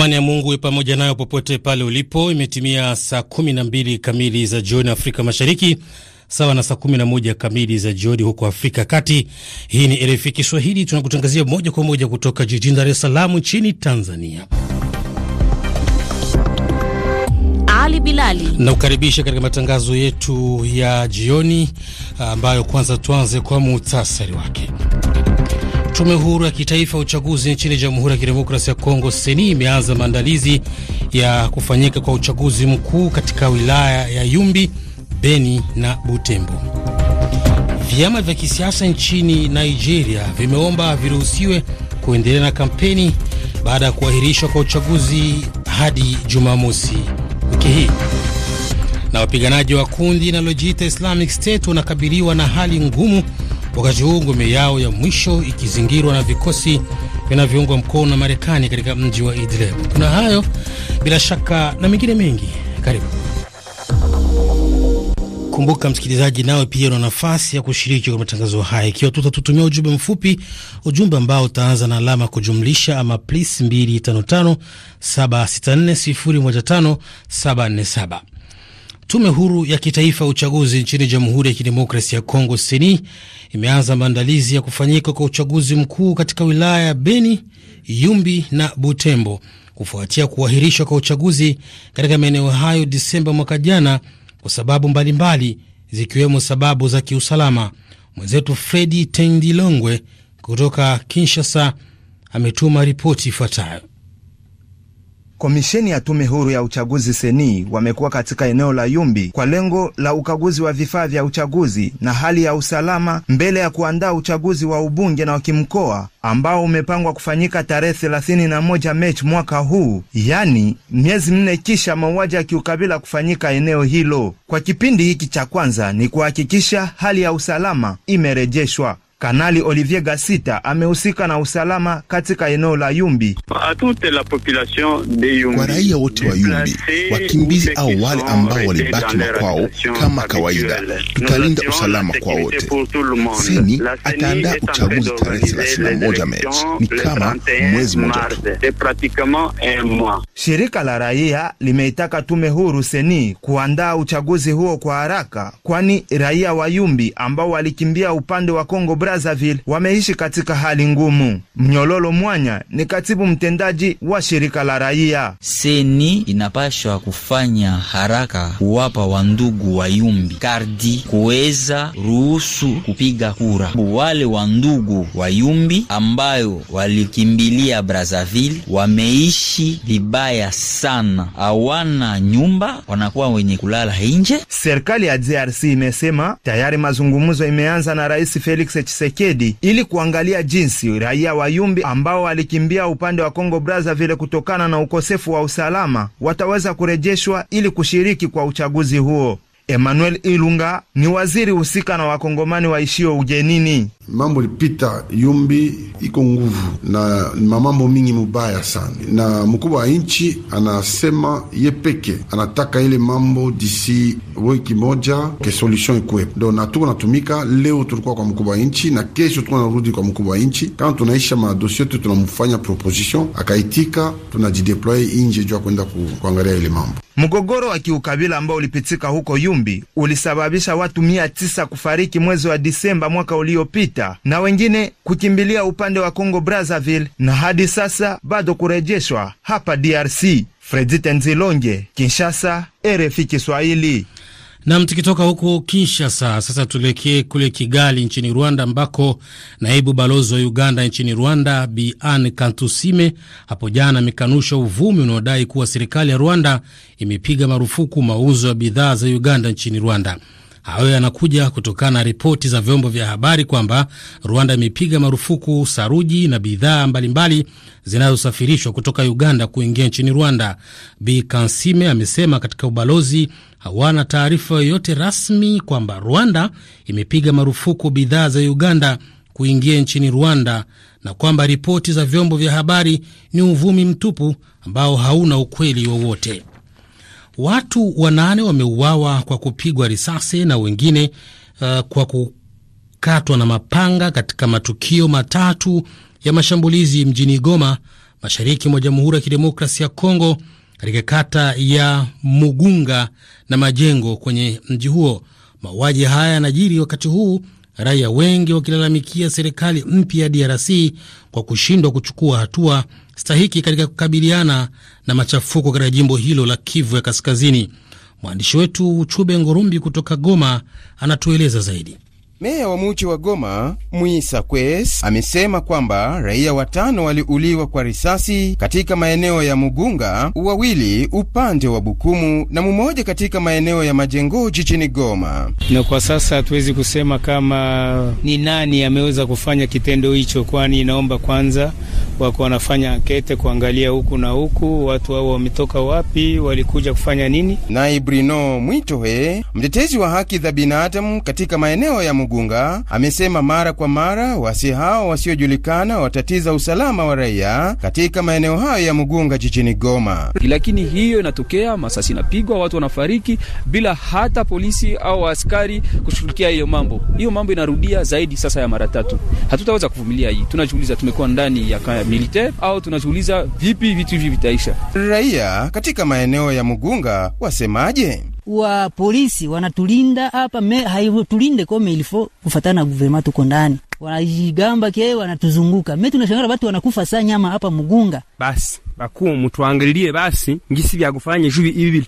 Amani ya Mungu pamoja nayo popote pale ulipo. Imetimia saa 12 kamili za jioni Afrika Mashariki, sawa na saa 11 kamili za jioni huko Afrika Kati. Hii ni RFI Kiswahili, tunakutangazia moja kwa moja kutoka jijini Dar es Salaam nchini Tanzania. Ali Bilali nakukaribisha katika matangazo yetu ya jioni ambayo, kwanza tuanze kwa muhtasari wake. Tume huru ya kitaifa ya uchaguzi nchini Jamhuri ya kidemokrasi ya Kongo seni imeanza maandalizi ya kufanyika kwa uchaguzi mkuu katika wilaya ya Yumbi, Beni na Butembo. Vyama vya kisiasa nchini Nigeria vimeomba viruhusiwe kuendelea na kampeni baada ya kuahirishwa kwa uchaguzi hadi Jumamosi wiki hii. Na wapiganaji wa kundi linalojiita Islamic State wanakabiliwa na hali ngumu wakati huu ngome yao ya mwisho ikizingirwa na vikosi vinavyoungwa mkono na Marekani katika mji wa Idlib. Kuna hayo bila shaka na mengine mengi, karibu. Kumbuka msikilizaji, nawe pia una nafasi ya kushiriki kwa matangazo haya ikiwa tutatutumia ujumbe mfupi, ujumbe ambao utaanza na alama kujumlisha ama plus 255 764 015 747. Tume huru ya kitaifa ya uchaguzi nchini Jamhuri ya kidemokrasi ya Kongo seni imeanza maandalizi ya kufanyika kwa uchaguzi mkuu katika wilaya ya Beni, Yumbi na Butembo kufuatia kuahirishwa kwa uchaguzi katika maeneo hayo Disemba mwaka jana kwa sababu mbalimbali zikiwemo sababu za kiusalama. Mwenzetu Fredi Tendilongwe kutoka Kinshasa ametuma ripoti ifuatayo. Komisheni ya Tume Huru ya Uchaguzi seni wamekuwa katika eneo la Yumbi kwa lengo la ukaguzi wa vifaa vya uchaguzi na hali ya usalama mbele ya kuandaa uchaguzi wa ubunge na wa kimkoa ambao umepangwa kufanyika tarehe 31 Mechi mwaka huu, yani miezi minne kisha mauaji ya kiukabila kufanyika eneo hilo. Kwa kipindi hiki cha kwanza ni kuhakikisha hali ya usalama imerejeshwa. Kanali Olivier Gasita amehusika na usalama katika eneo la Yumbi. Kwa raia wote wa Yumbi, wakimbizi au wale ambao walibaki makwao, kama kawaida, tutalinda usalama kwa wote. Seni ataandaa uchaguzi tarehe 31 mei ni kama mwezi mmoja tu. Shirika la raia limeitaka tume huru Seni kuandaa uchaguzi huo kwa haraka, kwani raia wa Yumbi ambao walikimbia upande wa Kongo Brazzaville wameishi katika hali ngumu. Mnyololo Mwanya ni katibu mtendaji wa shirika la raia seni. Inapashwa kufanya haraka kuwapa wandugu yumbi kardi kuweza ruhusu kupiga kura. Wale wandugu yumbi ambayo walikimbilia Brazzaville wameishi vibaya sana, hawana nyumba, wanakuwa wenye kulala nje. Serikali ya DRC imesema tayari mazungumzo imeanza na Rais Felix Tshisekedi ili kuangalia jinsi raia wa Yumbi ambao walikimbia upande wa Kongo Brazzaville kutokana na ukosefu wa usalama wataweza kurejeshwa ili kushiriki kwa uchaguzi huo. Emmanuel Ilunga ni waziri husika na wakongomani waishio ujenini. Mambo lipita yumbi iko nguvu na mamambo mingi mubaya sana, na mkubwa wa nchi anasema ye peke anataka ile mambo disi wiki moja ke solution ikuwepo. Ndo natuko natumika leo, tulikuwa kwa mkubwa wa nchi na kesho tuko narudi kwa mkubwa wa nchi. Kama tunaisha madosie yetu tunamfanya proposition, akaitika, tunajideploye inje jua kwenda kuangalia ile mambo Mgogoro wa kiukabila ambao ulipitika huko Yumbi ulisababisha watu mia tisa kufariki mwezi wa Disemba mwaka uliopita na wengine kukimbilia upande wa Congo Brazzaville na hadi sasa bado kurejeshwa hapa DRC. Fredi Tenzilonge, Kinshasa, RFI Kiswahili. Nam, tukitoka huko Kinshasa sasa tuelekee kule Kigali nchini Rwanda, ambako naibu balozi wa Uganda nchini Rwanda Bi Kantusime hapo jana amekanusha uvumi unaodai kuwa serikali ya Rwanda imepiga marufuku mauzo ya bidhaa za Uganda nchini Rwanda. Hayo yanakuja kutokana na ripoti za vyombo vya habari kwamba Rwanda imepiga marufuku saruji na bidhaa mbalimbali zinazosafirishwa kutoka Uganda kuingia nchini Rwanda. Bi Kansime amesema katika ubalozi hawana taarifa yoyote rasmi kwamba Rwanda imepiga marufuku bidhaa za Uganda kuingia nchini Rwanda na kwamba ripoti za vyombo vya habari ni uvumi mtupu ambao hauna ukweli wowote. Watu wanane wameuawa kwa kupigwa risasi na wengine uh, kwa kukatwa na mapanga katika matukio matatu ya mashambulizi mjini Goma, mashariki mwa Jamhuri ya Kidemokrasia ya Kongo, katika kata ya Mugunga na majengo kwenye mji huo. Mauaji haya yanajiri wakati huu raia wengi wakilalamikia serikali mpya ya DRC kwa kushindwa kuchukua hatua stahiki katika kukabiliana na machafuko katika jimbo hilo la Kivu ya Kaskazini. Mwandishi wetu Chube Ngorumbi kutoka Goma anatueleza zaidi. Meya wa muji wa Goma Mwisa Kwes amesema kwamba raia watano waliuliwa kwa risasi katika maeneo ya Mugunga, wawili upande wa Bukumu na mmoja katika maeneo ya Majengo jijini Goma. Na kwa sasa hatuwezi kusema kama ni nani ameweza kufanya kitendo hicho, kwani inaomba kwanza wako wanafanya ankete kuangalia huku na huku, watu hao wametoka wapi, walikuja kufanya nini. Naye Brino Mwitohe, mtetezi wa haki za binadamu katika maeneo ya Mugunga, amesema mara kwa mara wasi hao wasiojulikana watatiza usalama wa raia katika maeneo hayo ya Mugunga jijini Goma. Lakini hiyo inatokea, masasi inapigwa, watu wanafariki bila hata polisi au askari kushughulikia hiyo mambo. Hiyo mambo inarudia zaidi sasa ya mara tatu. Hatutaweza kuvumilia hii, tunajiuliza tumekuwa ndani ya kaya militaire au tunajiuliza vipi vitu hivi vitaisha. Raia katika maeneo ya Mugunga wasemaje? wa polisi wanatulinda hapa, haivotulinde kome ilifo kufatana na guvernema, tuko ndani wanajigamba ke wanatuzunguka, me tunashangara watu wanakufa saa nyama hapa Mugunga basi bakuwa mutwangalilie basi ngisi byagufanya kufanya juu hivi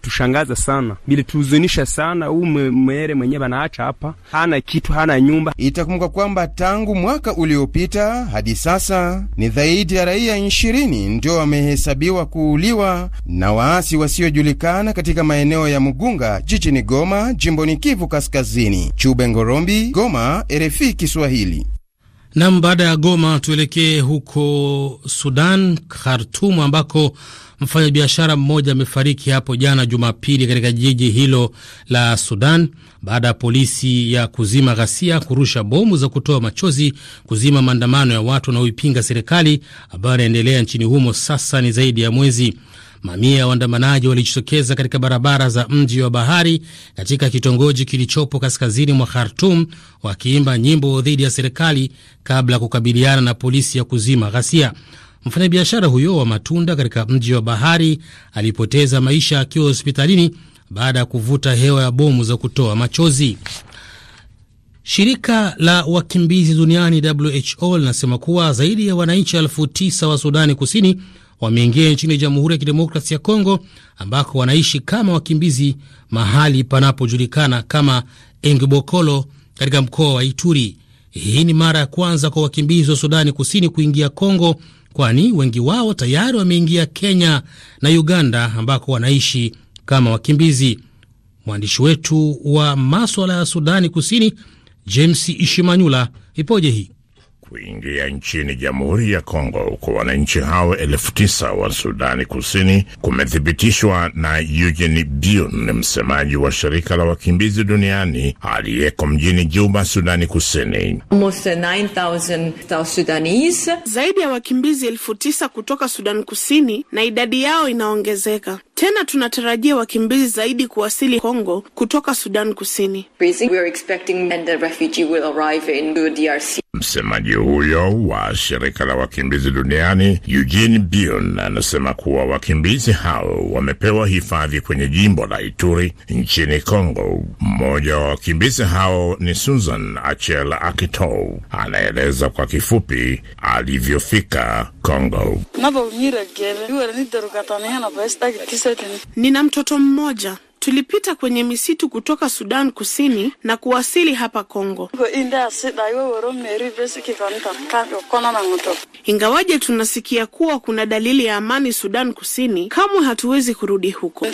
sana, bilituzunisha sana. Huu mwere mwenye banaacha hapa hana kitu, hana nyumba. Itakumbuka kwamba tangu mwaka uliopita hadi sasa ni zaidi ya raia ishirini ndio wamehesabiwa kuuliwa na waasi wasiojulikana katika maeneo ya Mugunga jijini Goma, jimboni Kivu Kaskazini. Chube Ngorombi, Goma, RFI Kiswahili. Nam, baada ya Goma tuelekee huko Sudan, Khartum, ambako mfanyabiashara mmoja amefariki hapo jana Jumapili katika jiji hilo la Sudan baada ya polisi ya kuzima ghasia kurusha bomu za kutoa machozi kuzima maandamano ya watu wanaoipinga serikali ambayo yanaendelea nchini humo sasa ni zaidi ya mwezi. Mamia ya waandamanaji walijitokeza katika barabara za mji wa bahari katika kitongoji kilichopo kaskazini mwa Khartum wakiimba nyimbo dhidi ya serikali kabla ya kukabiliana na polisi ya kuzima ghasia. Mfanyabiashara huyo wa matunda katika mji wa bahari alipoteza maisha akiwa hospitalini baada ya kuvuta hewa ya bomu za kutoa machozi. Shirika la wakimbizi duniani WHO linasema kuwa zaidi ya wananchi elfu tisa wa Sudani Kusini wameingia nchini Jamhuri ya Kidemokrasi ya Kongo ambako wanaishi kama wakimbizi mahali panapojulikana kama Engbokolo katika mkoa wa Ituri. Hii ni mara ya kwanza kwa wakimbizi wa Sudani Kusini kuingia Kongo, kwani wengi wao tayari wameingia Kenya na Uganda ambako wanaishi kama wakimbizi. Mwandishi wetu wa maswala ya Sudani Kusini James Ishimanyula ipoje hii kuingia nchini Jamhuri ya Kongo, huku wananchi hao elfu tisa wa Sudani Kusini, kumethibitishwa na Eugene bun msemaji wa shirika la wakimbizi duniani aliyeko mjini Juba, Sudani Kusini. zaidi ya wakimbizi elfu tisa kutoka Sudani Kusini na idadi yao inaongezeka. Tena tunatarajia wakimbizi zaidi kuwasili Kongo kutoka Sudan Kusini. Msemaji huyo wa shirika la wakimbizi duniani Eugene Bion anasema kuwa wakimbizi hao wamepewa hifadhi kwenye jimbo la Ituri nchini Kongo. Mmoja wa wakimbizi hao ni Susan Achel Akitou, anaeleza kwa kifupi alivyofika Kongo. Nina mtoto mmoja. Tulipita kwenye misitu kutoka Sudan Kusini na kuwasili hapa Kongo. Ingawaje tunasikia kuwa kuna dalili ya amani Sudan Kusini, kamwe hatuwezi kurudi huko.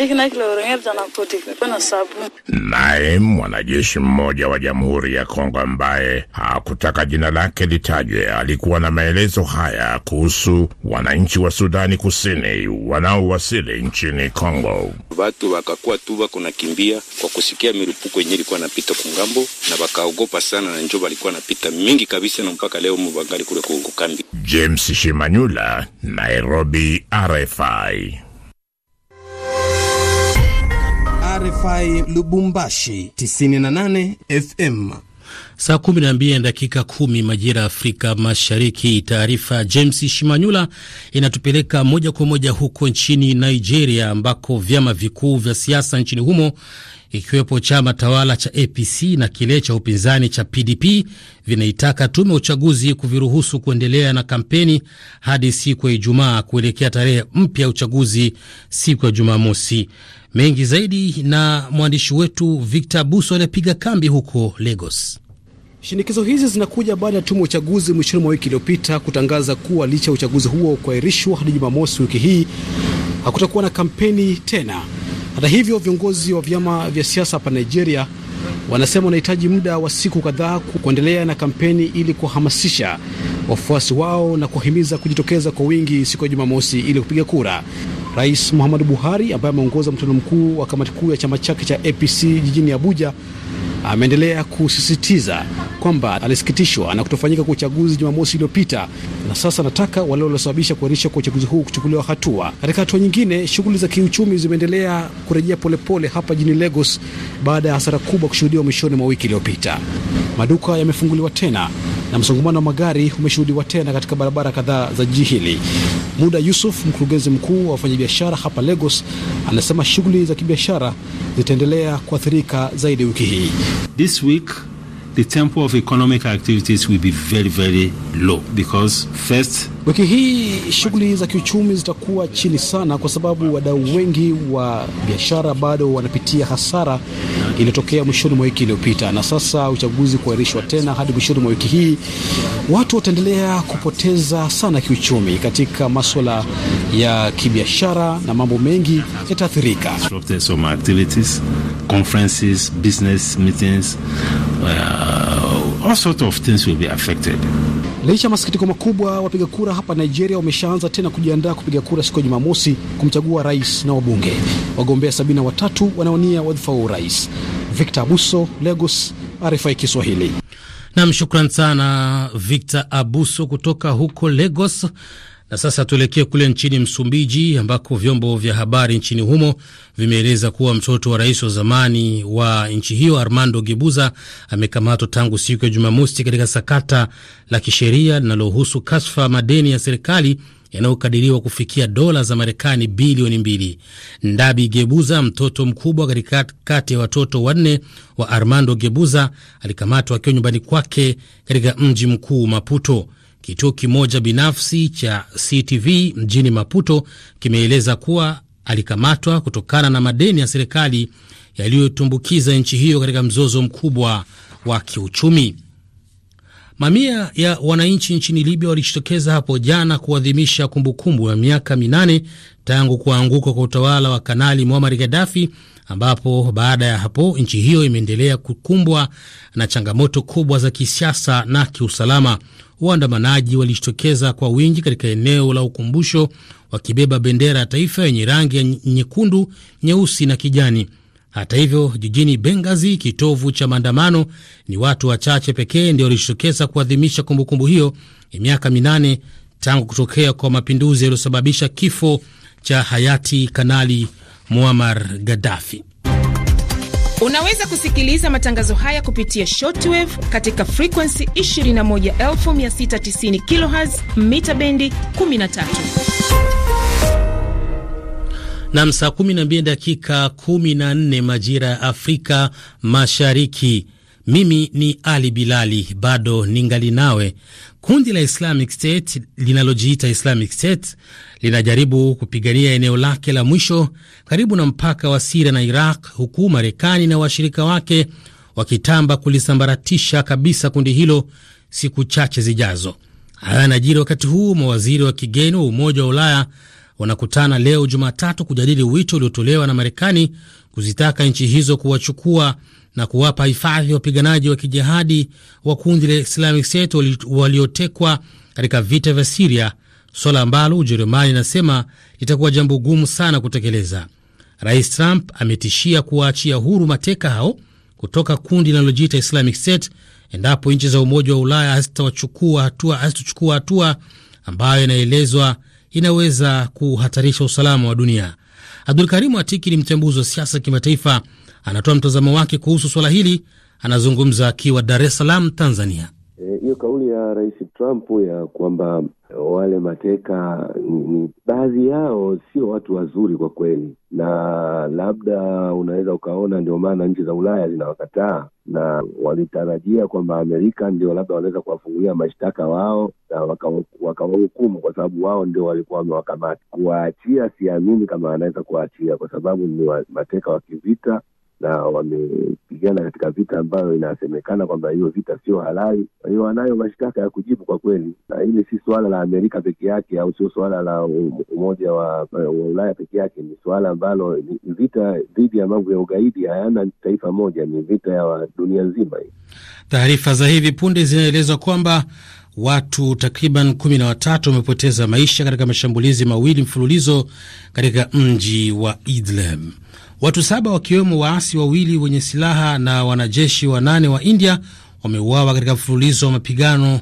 Naye mwanajeshi mmoja wa Jamhuri ya Kongo ambaye hakutaka jina lake litajwe alikuwa na maelezo haya kuhusu wananchi wa Sudani Kusini wanaowasili nchini Kongo. Watu wakakuwa tu bako nakimbia kwa kusikia milipuko yenye ilikuwa napita kungambo, na bakaogopa sana, na njo balikuwa napita mingi kabisa, na mpaka leo mubangali kule kukambi. James Shimanyula, Nairobi, RFI. RFI Lubumbashi 98 FM saa kumi na mbili na dakika kumi majira ya Afrika Mashariki. Taarifa James Shimanyula inatupeleka moja kwa moja huko nchini Nigeria, ambako vyama vikuu vya siasa nchini humo ikiwepo chama tawala cha APC na kile cha upinzani cha PDP vinaitaka tume ya uchaguzi kuviruhusu kuendelea na kampeni hadi siku ya Ijumaa kuelekea tarehe mpya ya uchaguzi siku ya Jumamosi. Mengi zaidi na mwandishi wetu Victor Buso anayepiga kambi huko Lagos. Shinikizo hizi zinakuja baada ya tume ya uchaguzi mwishoni mwa wiki iliyopita kutangaza kuwa licha ya uchaguzi huo kuahirishwa hadi Jumamosi wiki hii hakutakuwa na kampeni tena. Hata hivyo, viongozi wa vyama vya siasa hapa Nigeria wanasema wanahitaji muda wa siku kadhaa kuendelea na kampeni ili kuwahamasisha wafuasi wao na kuwahimiza kujitokeza kwa wingi siku ya Jumamosi ili kupiga kura. Rais Muhammadu Buhari ambaye ameongoza mkutano mkuu wa kamati kuu ya chama chake cha APC jijini Abuja ameendelea kusisitiza kwamba alisikitishwa na kutofanyika kwa uchaguzi Jumamosi iliyopita na sasa anataka wale waliosababisha kuahirishwa kwa uchaguzi huu kuchukuliwa hatua. Katika hatua nyingine, shughuli za kiuchumi zimeendelea kurejea polepole hapa jijini Lagos baada ya hasara kubwa kushuhudiwa mwishoni mwa wiki iliyopita. Maduka yamefunguliwa tena na msongamano wa magari umeshuhudiwa tena katika barabara kadhaa za jiji hili. Muda Yusuf, mkurugenzi mkuu wa wafanyabiashara hapa Lagos, anasema shughuli za kibiashara zitaendelea kuathirika zaidi wiki hii. This week the tempo of economic activities will be very, very low because first Wiki hii shughuli za kiuchumi zitakuwa chini sana, kwa sababu wadau wengi wa biashara bado wanapitia hasara iliyotokea mwishoni mwa wiki iliyopita, na sasa uchaguzi kuahirishwa tena hadi mwishoni mwa wiki hii. Watu wataendelea kupoteza sana kiuchumi katika maswala ya kibiashara, na mambo mengi yataathirika uh, all sort of things will be affected. Licha ya masikitiko makubwa, wapiga kura hapa Nigeria wameshaanza tena kujiandaa kupiga kura siku ya Jumamosi kumchagua rais na wabunge. Wagombea sabini na watatu wanaonia wadhifa wa urais. Victor Abuso, Lagos, RFI Kiswahili. Nam, shukran sana Victor Abuso kutoka huko Lagos. Na sasa tuelekee kule nchini Msumbiji ambako vyombo vya habari nchini humo vimeeleza kuwa mtoto wa rais wa zamani wa nchi hiyo Armando Gebuza amekamatwa tangu siku ya Jumamosi katika sakata la kisheria linalohusu kashfa madeni ya serikali yanayokadiriwa kufikia dola za Marekani bilioni mbili. Ndabi Gebuza, mtoto mkubwa katika kati ya watoto wanne wa Armando Gebuza, alikamatwa akiwa nyumbani kwake katika mji mkuu Maputo. Kituo kimoja binafsi cha CTV mjini Maputo kimeeleza kuwa alikamatwa kutokana na madeni ya serikali yaliyotumbukiza nchi hiyo katika mzozo mkubwa wa kiuchumi. Mamia ya wananchi nchini Libya walijitokeza hapo jana kuadhimisha kumbukumbu ya miaka minane tangu kuanguka kwa utawala wa Kanali Muammar Gaddafi ambapo baada ya hapo nchi hiyo imeendelea kukumbwa na changamoto kubwa za kisiasa na kiusalama. Waandamanaji walijitokeza kwa wingi katika eneo la ukumbusho wakibeba bendera ya taifa yenye rangi ya nyekundu, nyeusi na kijani. Hata hivyo, jijini Bengazi, kitovu cha maandamano, ni watu wachache pekee ndio walijitokeza kuadhimisha kumbukumbu hiyo ya miaka minane tangu kutokea kwa mapinduzi yaliyosababisha kifo cha hayati Kanali Muammar Gaddafi. Unaweza kusikiliza matangazo haya kupitia shortwave katika frekuensi 21690 kHz mita bendi 13. Nam, saa 12 dakika 14 majira ya Afrika Mashariki. Mimi ni Ali Bilali, bado ningali nawe Kundi la Islamic State linalojiita Islamic State linajaribu kupigania eneo lake la mwisho karibu na mpaka wa Siria na Iraq, huku Marekani na washirika wake wakitamba kulisambaratisha kabisa kundi hilo siku chache zijazo. Haya yanajiri wakati huu mawaziri wa kigeni wa Umoja wa Ulaya wanakutana leo Jumatatu kujadili wito uliotolewa na Marekani kuzitaka nchi hizo kuwachukua na kuwapa hifadhi wapiganaji wa kijihadi wa kundi la Islamic State waliotekwa katika vita vya Siria, swala ambalo Ujerumani inasema litakuwa jambo gumu sana kutekeleza. Rais Trump ametishia kuwaachia huru mateka hao kutoka kundi linalojiita Islamic State endapo nchi za Umoja wa Ulaya hazitachukua hatua, hatua ambayo inaelezwa inaweza kuhatarisha usalama wa dunia. Abdul Karimu Atiki ni mchambuzi wa siasa kimataifa anatoa mtazamo wake kuhusu swala hili. Anazungumza akiwa Dar es Salaam, Tanzania. E, hiyo e, kauli ya Rais Trump ya kwamba e, wale mateka ni, baadhi yao sio watu wazuri kwa kweli, na labda unaweza ukaona ndio maana nchi za Ulaya zinawakataa na walitarajia kwamba Amerika ndio labda wanaweza kuwafungulia mashtaka wao na wakawahukumu waka, kwa sababu wao ndio walikuwa wamewakamata. Kuwaachia siamini kama anaweza kuwaachia, kwa sababu ni mateka wa kivita na wamepigana katika vita ambayo inasemekana kwamba hiyo vita sio halali. Kwa hiyo wanayo mashtaka ya kujibu kwa kweli, na hili si suala la Amerika peke yake au sio suala la Umoja wa, wa Ulaya peke yake. Ni suala ambalo ni vita dhidi ya mambo ya ugaidi, hayana taifa moja, ni vita ya dunia nzima. Hii taarifa za hivi punde zinaeleza kwamba watu takriban kumi na watatu wamepoteza maisha katika mashambulizi mawili mfululizo katika mji wa Idlib. Watu saba wakiwemo waasi wawili wenye silaha na wanajeshi wanane wa India wameuawa katika mfululizo wa mapigano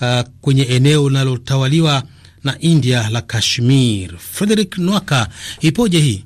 uh, kwenye eneo linalotawaliwa na India la Kashmir. Frederick Nwaka, ipoje hii?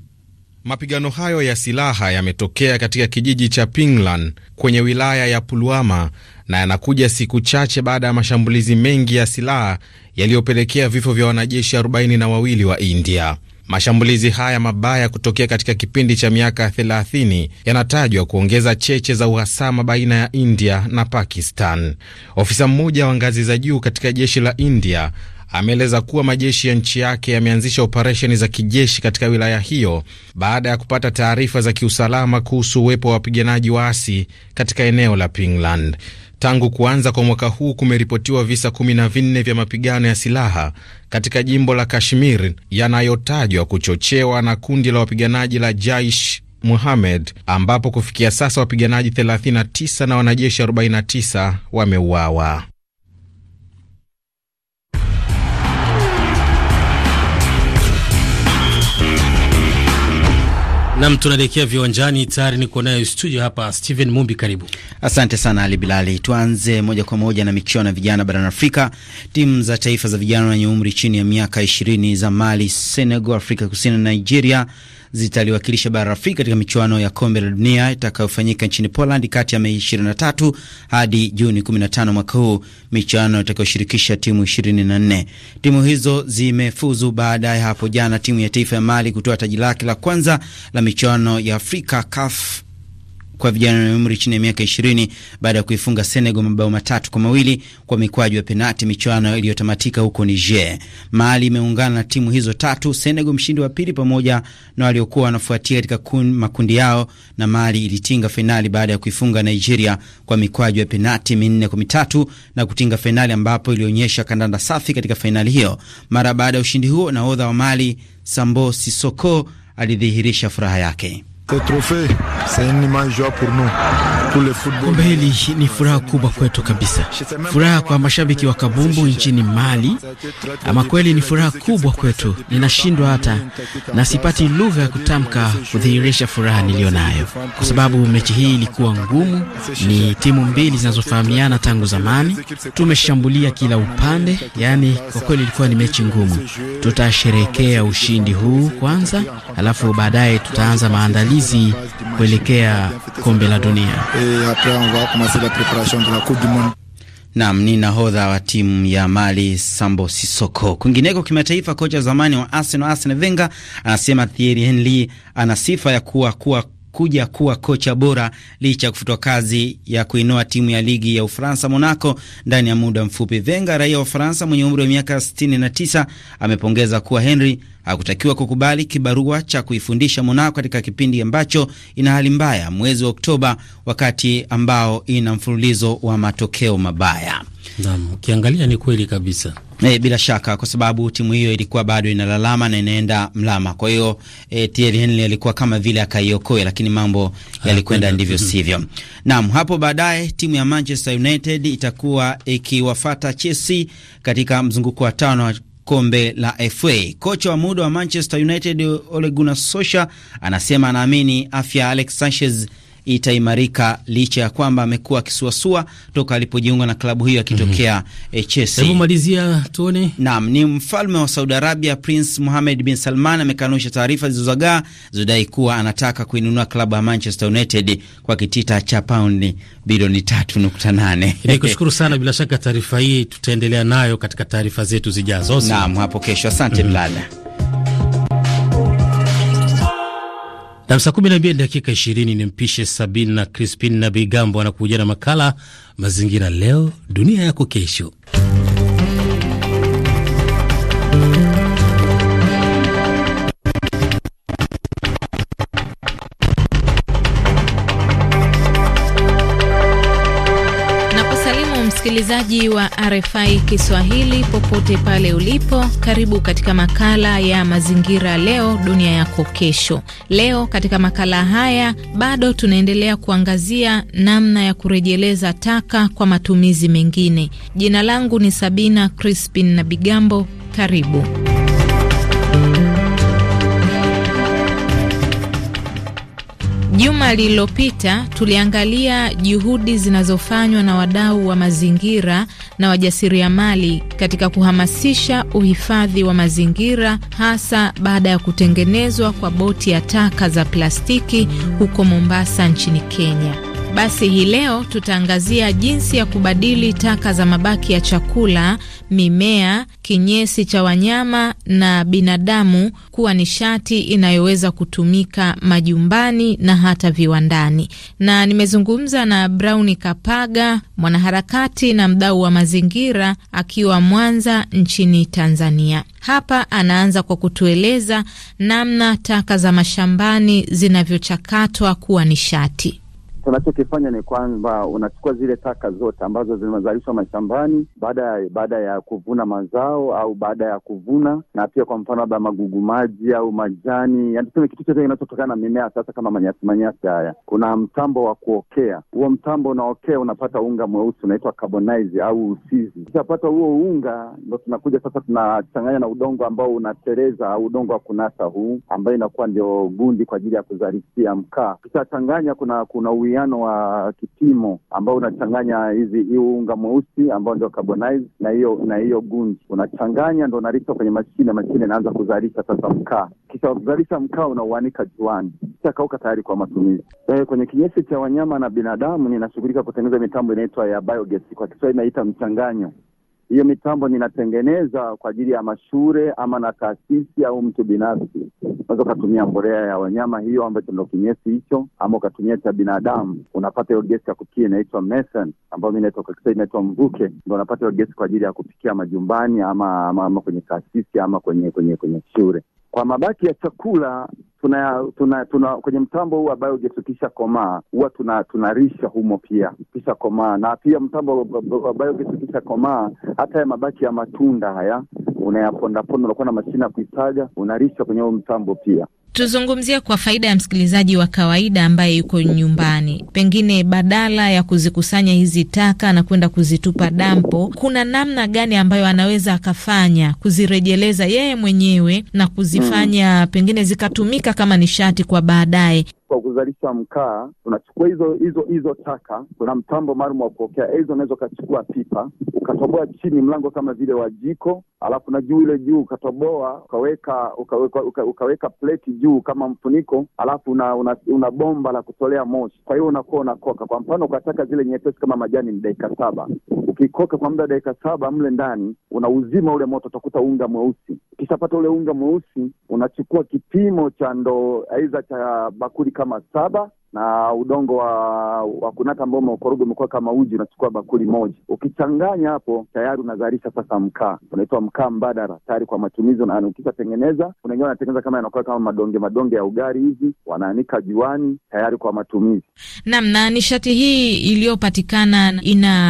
Mapigano hayo ya silaha yametokea katika kijiji cha Pinglan kwenye wilaya ya Pulwama na yanakuja siku chache baada ya mashambulizi mengi ya silaha yaliyopelekea vifo vya wanajeshi arobaini na wawili wa India. Mashambulizi haya mabaya kutokea katika kipindi cha miaka 30 yanatajwa kuongeza cheche za uhasama baina ya India na Pakistan. Ofisa mmoja wa ngazi za juu katika jeshi la India ameeleza kuwa majeshi ya nchi yake yameanzisha operesheni za kijeshi katika wilaya hiyo baada ya kupata taarifa za kiusalama kuhusu uwepo wa wapiganaji waasi katika eneo la Pingland. Tangu kuanza kwa mwaka huu kumeripotiwa visa kumi na vinne vya mapigano ya silaha katika jimbo la Kashmir yanayotajwa kuchochewa na kundi la wapiganaji la Jaish Muhamed ambapo kufikia sasa wapiganaji 39 na wanajeshi 49 wameuawa. Nam, tunaelekea viwanjani tayari. Niko naye studio hapa Steven Mumbi, karibu. Asante sana Ali Bilali. Tuanze moja kwa moja na michuano ya vijana barani Afrika. Timu za taifa za vijana wenye umri chini ya miaka ishirini za Mali, Senegal, Afrika Kusini na Nigeria zitaliwakilisha bara Afrika katika michuano ya kombe la dunia itakayofanyika nchini Poland kati ya Mei 23 hadi Juni 15 mwaka huu, michuano itakayoshirikisha timu 24. Timu hizo zimefuzu baadaye hapo jana timu ya taifa ya Mali kutoa taji lake la kwanza la michuano ya Afrika CAF kwa vijana wenye umri chini ya miaka ishirini baada ya kuifunga Senegal mabao matatu kwa mawili kwa mikwaju ya penati michuano iliyotamatika huko Niger. Mali imeungana na timu hizo tatu, Senegal mshindi wa pili pamoja na waliokuwa wanafuatia katika makundi yao, na Mali ilitinga fainali baada ya kuifunga Nigeria kwa mikwaju ya penati minne kwa mitatu na kutinga fainali, ambapo ilionyesha kandanda safi katika fainali hiyo. Mara baada ya ushindi huo, nahodha wa Mali Sambo Sisoko alidhihirisha furaha yake. Kombe hili ni furaha kubwa kwetu kabisa, furaha kwa mashabiki wa kabumbu nchini Mali. Ama kweli ni furaha kubwa kwetu, ninashindwa hata na sipati lugha ya kutamka kudhihirisha furaha niliyo nayo, kwa sababu mechi hii ilikuwa ngumu. Ni timu mbili zinazofahamiana tangu zamani, tumeshambulia kila upande. Yaani kwa kweli ilikuwa ni mechi ngumu. tutasherehekea ushindi huu kwanza, alafu baadaye tutaanza maandalizi maandalizi kuelekea kombe la dunia. Eh, Nam ni nahodha wa timu ya Mali Sambo Sisoko. Kwingineko kimataifa, kocha zamani wa Arsenal Arsene Wenger anasema Thierry Henry ana sifa ya kuwa kuwa kuja kuwa kocha bora licha ya kufutwa kazi ya kuinoa timu ya ligi ya Ufaransa Monaco ndani ya muda mfupi. Venga, raia wa Ufaransa mwenye umri wa miaka 69, amepongeza kuwa Henry hakutakiwa kukubali kibarua cha kuifundisha Monaco katika kipindi ambacho ina hali mbaya, mwezi wa Oktoba, wakati ambao ina mfululizo wa matokeo mabaya. Naam, ukiangalia ni kweli kabisa. E, bila shaka kwa sababu timu hiyo ilikuwa bado inalalama na inaenda mlama. Kwa hiyo e, Thierry Henry alikuwa kama vile akaiokoe, lakini mambo yalikwenda ndivyo mm-hmm. sivyo. Naam, hapo baadaye timu ya Manchester United itakuwa ikiwafata Chelsea katika mzunguko wa tano kombe la FA. Kocha wa muda wa Manchester United Ole Gunnar Solskjaer anasema anaamini afya ya Alex Sanchez itaimarika licha ya kwamba amekuwa akisuasua toka alipojiunga na klabu hiyo akitokea mm -hmm. Chelsea. Hebu malizia tuone. Naam, ni mfalme wa Saudi Arabia Prince Mohammed bin Salman amekanusha taarifa zilizozagaa zidai kuwa anataka kuinunua klabu ya Manchester United kwa kitita cha paundi bilioni 3.8. Nikushukuru sana, bila shaka taarifa hii tutaendelea nayo katika taarifa zetu zijazo. Naam, hapo kesho. Asante mm -hmm. Mlada. Na saa mbili dakika ishirini ni mpishe Sabini na Crispin na Bigambo anakuja na makala Mazingira Leo Dunia Yako Kesho. Msikilizaji wa RFI Kiswahili popote pale ulipo, karibu katika makala ya mazingira leo dunia yako kesho. Leo katika makala haya bado tunaendelea kuangazia namna ya kurejeleza taka kwa matumizi mengine. Jina langu ni Sabina Crispin na Bigambo, karibu. Juma lililopita tuliangalia juhudi zinazofanywa na wadau wa mazingira na wajasiriamali katika kuhamasisha uhifadhi wa mazingira hasa baada ya kutengenezwa kwa boti ya taka za plastiki huko Mombasa nchini Kenya. Basi hii leo tutaangazia jinsi ya kubadili taka za mabaki ya chakula, mimea, kinyesi cha wanyama na binadamu kuwa nishati inayoweza kutumika majumbani na hata viwandani. Na nimezungumza na Brauni Kapaga, mwanaharakati na mdau wa mazingira, akiwa Mwanza nchini Tanzania. Hapa anaanza kwa kutueleza namna taka za mashambani zinavyochakatwa kuwa nishati tunachokifanya ni kwamba unachukua zile taka zote ambazo zinazalishwa mashambani baada ya baada ya kuvuna mazao au baada ya kuvuna, na pia kwa mfano labda magugu maji au majani, yaani tuseme kitu chote kinachotokana na mimea. Sasa kama manyasi manyasi haya, kuna mtambo wa kuokea. Huo mtambo unaokea, unapata unga mweusi unaitwa carbonize au usizi. Ukishapata huo unga, ndo tunakuja sasa tunachanganya na udongo ambao unatereza au udongo wa kunasa huu, ambayo inakuwa ndio gundi kwa ajili ya kuzalishia mkaa. Ukishachanganya kuna kuna uwi muingiliano wa kipimo ambao unachanganya hizi unga mweusi ambao ndio carbonize na hiyo na hiyo gunji, unachanganya ndo unalisha kwenye mashine. Mashine inaanza kuzalisha sasa mkaa, kisha kuzalisha mkaa unauanika juani, kisha kauka tayari kwa matumizi. E, kwenye kinyesi cha wanyama na binadamu ninashughulika kutengeneza mitambo inaitwa ya biogas, kwa Kiswahili inaita mchanganyo hiyo mitambo ninatengeneza kwa ajili ya mashule ama na taasisi au mtu binafsi. Unaweza ukatumia mbolea ya wanyama hiyo, ambacho ndo kinyesi hicho, ama ukatumia cha binadamu, unapata hiyo gesi ya kupikia inaitwa methane, ambayo mi naitwa kwa Kiswahili inaitwa mvuke, ndo unapata hiyo gesi kwa ajili ya kupikia majumbani ama, ama, ama kwenye taasisi ama kwenye kwenye kwenye shule. Kwa mabaki ya chakula tuna, tuna, tuna kwenye mtambo huu ambao ujetukisha komaa huwa tuna tunarisha humo pia kisha komaa, na pia mtambo ambao ujetukisha komaa, hata ya mabaki ya matunda haya unayapondaponda, unakuwa na mashine ya kuisaga, unarisha kwenye huo mtambo pia. Tuzungumzie kwa faida ya msikilizaji wa kawaida ambaye yuko nyumbani, pengine badala ya kuzikusanya hizi taka na kwenda kuzitupa dampo, kuna namna gani ambayo anaweza akafanya kuzirejeleza yeye mwenyewe na kuzifanya hmm. pengine zikatumika kama nishati kwa baadaye? kwa kuzalisha mkaa, unachukua hizo hizo hizo taka. Kuna mtambo maalum wa kupokea hizo, unaweza ukachukua pipa ukatoboa chini mlango kama vile wa jiko, alafu na juu ile juu ukatoboa ukaweka ukaweka, uka, ukaweka pleti juu kama mfuniko, alafu una, una, una bomba la kutolea moshi. Kwa hiyo unakuwa unakoka, kwa mfano ukataka zile nyepesi kama majani ni dakika saba, ukikoka kwa muda dakika saba mle ndani una uzima ule moto, utakuta unga mweusi Ukishapata ule unga mweusi, unachukua kipimo cha ndoo aidha cha bakuli kama saba na udongo wa, wa kunata ambao umekorogwa umekuwa kama uji, unachukua bakuli moja, ukichanganya hapo tayari unazalisha sasa mkaa, unaitwa mkaa mbadala, tayari kwa matumizi. Na ukishatengeneza, kuna wengine wanatengeneza kama yanakuwa kama madonge madonge ya ugali hivi, wanaanika juani, tayari kwa matumizi. Naam. Na nishati hii iliyopatikana ina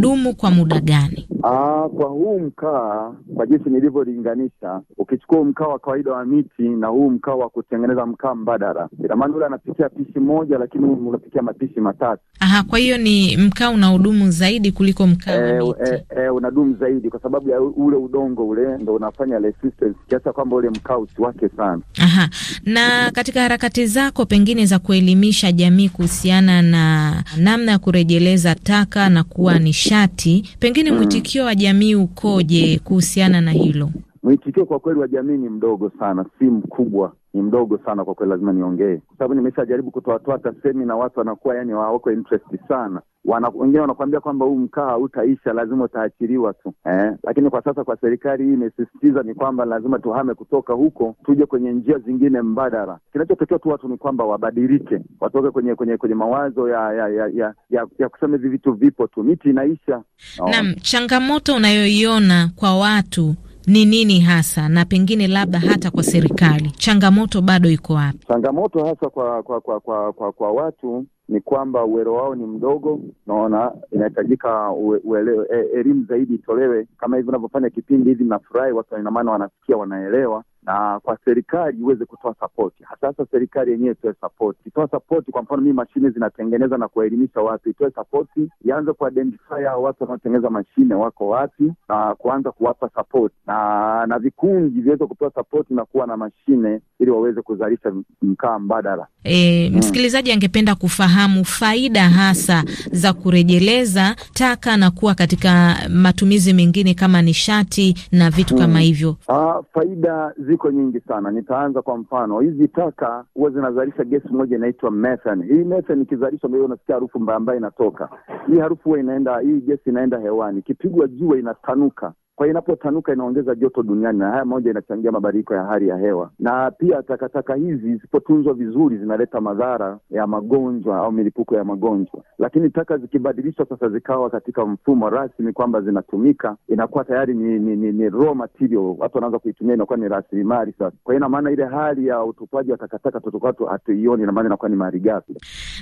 dumu kwa muda gani? Aa, kwa huu mkaa kwa jinsi nilivyolinganisha, ukichukua mkaa wa kawaida wa miti na huu mkaa wa kutengeneza mkaa mbadala, ina maana ule anapikia pishi mmoja, lakini unapikia mapishi matatu. Aha, kwa hiyo ni mkaa unahudumu zaidi kuliko mkaa e, e, eh, e, eh, eh, unadumu zaidi kwa sababu ya ule udongo ule ndo unafanya resistance kiasi kwamba ule mkaa usiwake sana. Aha, na katika harakati zako pengine za kuelimisha jamii kuhusiana na namna ya kurejeleza taka na kuwa nishati, pengine mm. mwitikio wa jamii ukoje kuhusiana na hilo? mwitikio kwa kweli wa jamii ni mdogo sana, si mkubwa, ni mdogo sana kwa kweli. Lazima niongee kwa sababu nimeshajaribu kutoatoa tasemi na watu wanakuwa yani hawako interesti sana wana, wengine wanakuambia kwamba huu mkaa hautaisha, lazima utaachiriwa tu eh. Lakini kwa sasa kwa serikali hii imesisitiza ni kwamba lazima tuhame kutoka huko tuje kwenye njia zingine mbadala. Kinachotokea tu watu ni kwamba wabadilike, watoke kwenye kwenye kwenye mawazo ya ya ya ya, ya, ya kusema hivi vitu vipo tu, miti inaisha. Naam, changamoto unayoiona kwa watu ni nini hasa, na pengine labda hata kwa serikali changamoto bado iko wapi? Changamoto hasa kwa kwa kwa kwa, kwa, kwa watu ni kwamba uwero wao ni mdogo. Naona inahitajika e, elimu zaidi itolewe, kama hivi unavyofanya kipindi hivi, nafurahi watu ina maana wanasikia, wanaelewa na kwa serikali iweze kutoa sapoti, hasa hasa serikali yenyewe itoe sapoti, ikitoa sapoti. Kwa mfano, mii mashine zinatengeneza na kuwaelimisha watu, itoe sapoti, ianze kuidentify hao watu wanaotengeneza mashine wako wapi na kuanza kuwapa sapoti, na na vikundi viweze kupewa sapoti na kuwa na mashine ili waweze kuzalisha mkaa mbadala. E, msikilizaji hmm, angependa kufahamu faida hasa za kurejeleza taka na kuwa katika matumizi mengine kama nishati na vitu kama hmm. hivyo. Ah, faida zi ziko nyingi sana. Nitaanza kwa mfano, hizi taka huwa zinazalisha gesi moja inaitwa methane. Hii methane ikizalishwa, ndio unasikia harufu mbaya mbaya inatoka. Hii harufu huwa inaenda, hii gesi inaenda hewani, ikipigwa jua inatanuka kwa hiyo inapotanuka inaongeza joto duniani, na haya moja inachangia mabadiliko ya hali ya hewa. Na pia takataka hizi zisipotunzwa vizuri zinaleta madhara ya magonjwa au milipuko ya magonjwa. Lakini taka zikibadilishwa sasa zikawa katika mfumo rasmi kwamba zinatumika, inakuwa tayari ni, ni, ni, ni raw material, watu wanaanza kuitumia, inakuwa ni rasilimali sasa. Kwa hiyo ina maana ile hali ya utupaji wa takataka tutakuwa hatuioni, inamaana inakuwa ni malighafi.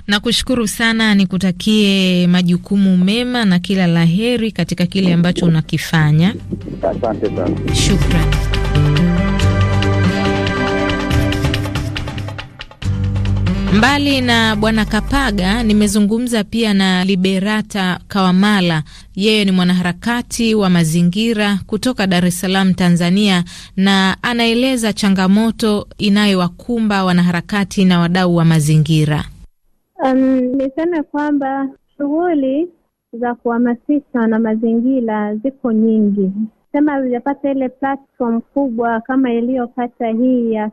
Nakushukuru sana, nikutakie majukumu mema na kila laheri katika kile ambacho unakifanya. Asante sana, shukran. Mbali na bwana Kapaga, nimezungumza pia na Liberata Kawamala. Yeye ni mwanaharakati wa mazingira kutoka Dar es Salaam, Tanzania, na anaeleza changamoto inayowakumba wanaharakati na wadau wa mazingira. Um, niseme kwamba shughuli za kuhamasisha na mazingira ziko nyingi, sema hujapata ile platform kubwa kama iliyopata hii ya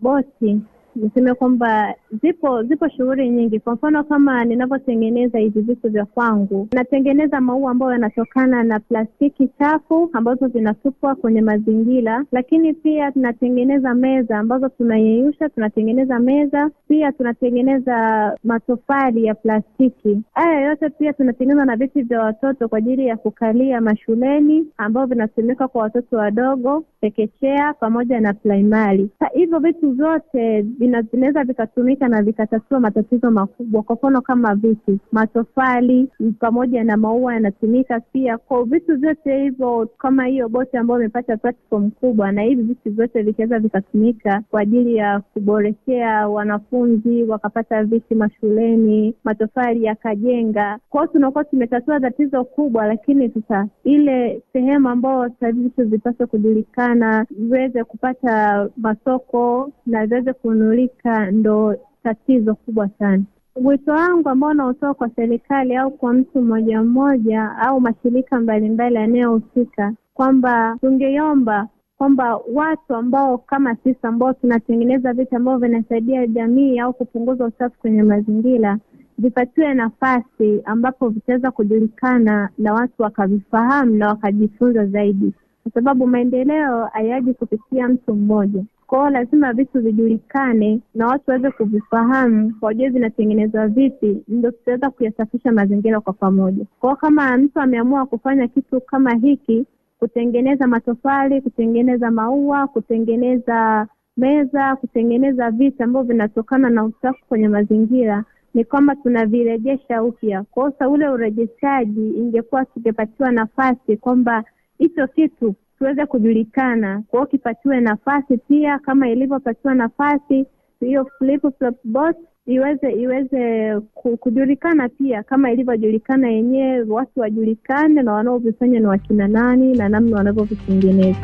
boti niseme kwamba zipo zipo shughuli nyingi. Kwa mfano kama ninavyotengeneza hivi vitu vya kwangu, natengeneza maua ambayo yanatokana na plastiki chafu ambazo zinatupwa kwenye mazingira, lakini pia tunatengeneza meza ambazo tunayeyusha, tunatengeneza meza, pia tunatengeneza matofali ya plastiki. Haya yote pia tunatengeneza na viti vya watoto kwa ajili ya kukalia mashuleni, ambao vinatumika kwa watoto wadogo chekechea pamoja na primary. Hivyo vitu vyote vinaweza vikatumika na vikatatua matatizo makubwa, kwa mfano kama viti, matofali pamoja na maua yanatumika pia kwa vitu vyote hivyo, kama hiyo boti ambayo imepata platform kubwa, na hivi vitu vyote vikaweza vikatumika kwa ajili ya kuboreshea wanafunzi, wakapata viti mashuleni, matofali yakajenga. kwao tunakuwa tumetatua tatizo kubwa, lakini sasa ile sehemu ambayo sahivi vitu vipaswe kujulikana, viweze kupata masoko na viweze kunu kusahaulika ndo tatizo kubwa sana. Wito wangu ambao naotoa kwa serikali au kwa mtu mmoja mmoja au mashirika mbalimbali yanayohusika, kwamba tungeomba kwamba watu ambao kama sisi ambao tunatengeneza vitu ambavyo vinasaidia jamii au kupunguza usafi kwenye mazingira vipatiwe nafasi ambapo vitaweza kujulikana na watu wakavifahamu na wakajifunza zaidi, kwa sababu maendeleo hayaji kupitia mtu mmoja kwao lazima vitu vijulikane na watu waweze kuvifahamu, wajue vinatengenezwa vipi, ndo tutaweza kuyasafisha mazingira kwa pamoja. Kwao kama mtu ameamua kufanya kitu kama hiki, kutengeneza matofali, kutengeneza maua, kutengeneza meza, kutengeneza vitu ambavyo vinatokana na uchafu kwenye mazingira, ni kwamba tunavirejesha upya. Kwa sasa ule urejeshaji, ingekuwa tungepatiwa nafasi kwamba hicho kitu tuweze kujulikana. kwao, kipatiwe nafasi pia, kama ilivyopatiwa nafasi hiyo flip flop iweze iweze kujulikana pia kama ilivyojulikana yenyewe, watu wajulikane na wanaovifanya ni wakina nani na namna wanavyovitengeneza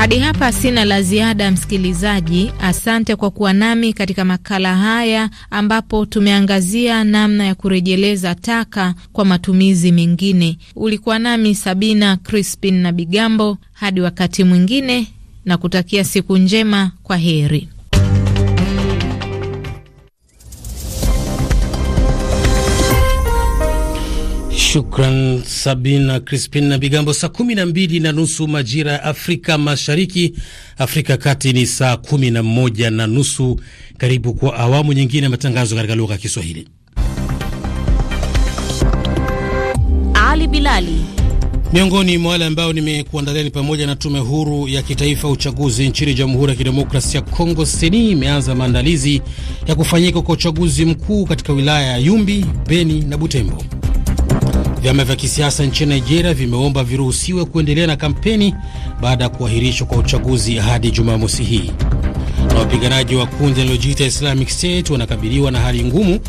Hadi hapa sina la ziada, msikilizaji. Asante kwa kuwa nami katika makala haya ambapo tumeangazia namna ya kurejeleza taka kwa matumizi mengine. Ulikuwa nami Sabina Crispin na Bigambo. Hadi wakati mwingine, na kutakia siku njema. Kwa heri. Shukran Sabina Crispin Bigambo. Saa kumi na mbili na nusu majira ya Afrika Mashariki, Afrika Kati ni saa kumi na moja na nusu. Karibu kwa awamu nyingine ya matangazo katika lugha ya Kiswahili. Ali Bilali miongoni mwa wale ambao nimekuandalia ni pamoja na tume huru ya kitaifa uchaguzi nchini Jamhuri ya Kidemokrasia ya Kongo seni imeanza maandalizi ya kufanyika kwa uchaguzi mkuu katika wilaya ya Yumbi, Beni na Butembo. Vyama vya kisiasa nchini Nigeria vimeomba viruhusiwe kuendelea na kampeni baada ya kuahirishwa kwa uchaguzi hadi Jumamosi hii. Na wapiganaji wa kundi linalojiita Islamic State wanakabiliwa na hali ngumu,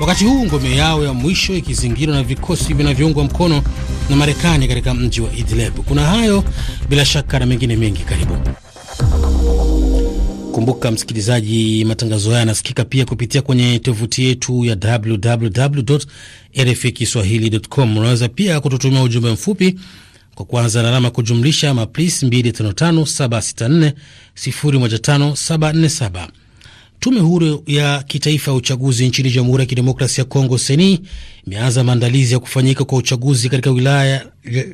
wakati huu ngome yao ya mwisho ikizingirwa na vikosi vinavyoungwa mkono na Marekani katika mji wa Idlib. Kuna hayo bila shaka na mengine mengi, karibu Kumbuka msikilizaji, matangazo haya yanasikika pia kupitia kwenye tovuti yetu ya www.rfikiswahili.com. Unaweza pia kututumia ujumbe mfupi kwa kuanza na alama kujumlisha maplis 255764015747. Tume huru ya kitaifa ya uchaguzi nchini Jamhuri ya kidemokrasi ya Kongo seni imeanza maandalizi ya kufanyika kwa uchaguzi katika wilaya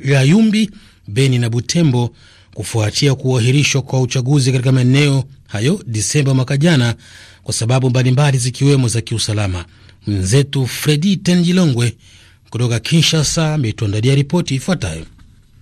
ya Yumbi, Beni na Butembo kufuatia kuahirishwa kwa uchaguzi katika maeneo hayo Disemba mwaka jana kwa sababu mbalimbali zikiwemo za kiusalama. Mwenzetu Fredi Tenjilongwe kutoka Kinshasa ametuandalia ripoti ifuatayo.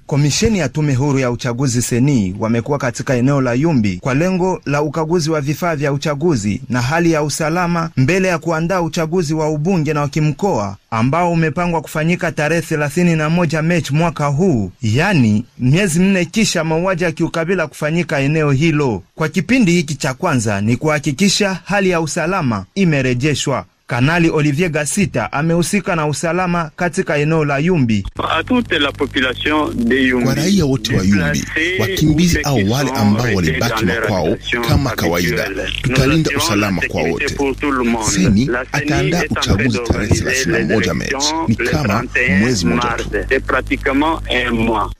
Komisheni ya Tume Huru ya Uchaguzi seni wamekuwa katika eneo la Yumbi kwa lengo la ukaguzi wa vifaa vya uchaguzi na hali ya usalama mbele ya kuandaa uchaguzi wa ubunge na wa kimkoa ambao umepangwa kufanyika tarehe 31 Mechi mwaka huu, yani miezi minne kisha mauaji ya kiukabila kufanyika eneo hilo. Kwa kipindi hiki cha kwanza ni kuhakikisha hali ya usalama imerejeshwa. Kanali Olivier Gasita amehusika na usalama katika eneo la Yumbi. Kwa raia wote wa Yumbi, wakimbizi au wale ambao walibaki makwao, kama kawaida, tutalinda usalama kwa wote. Seni ataandaa uchaguzi tarehe 31 Machi, ni kama mwezi mmoja tu.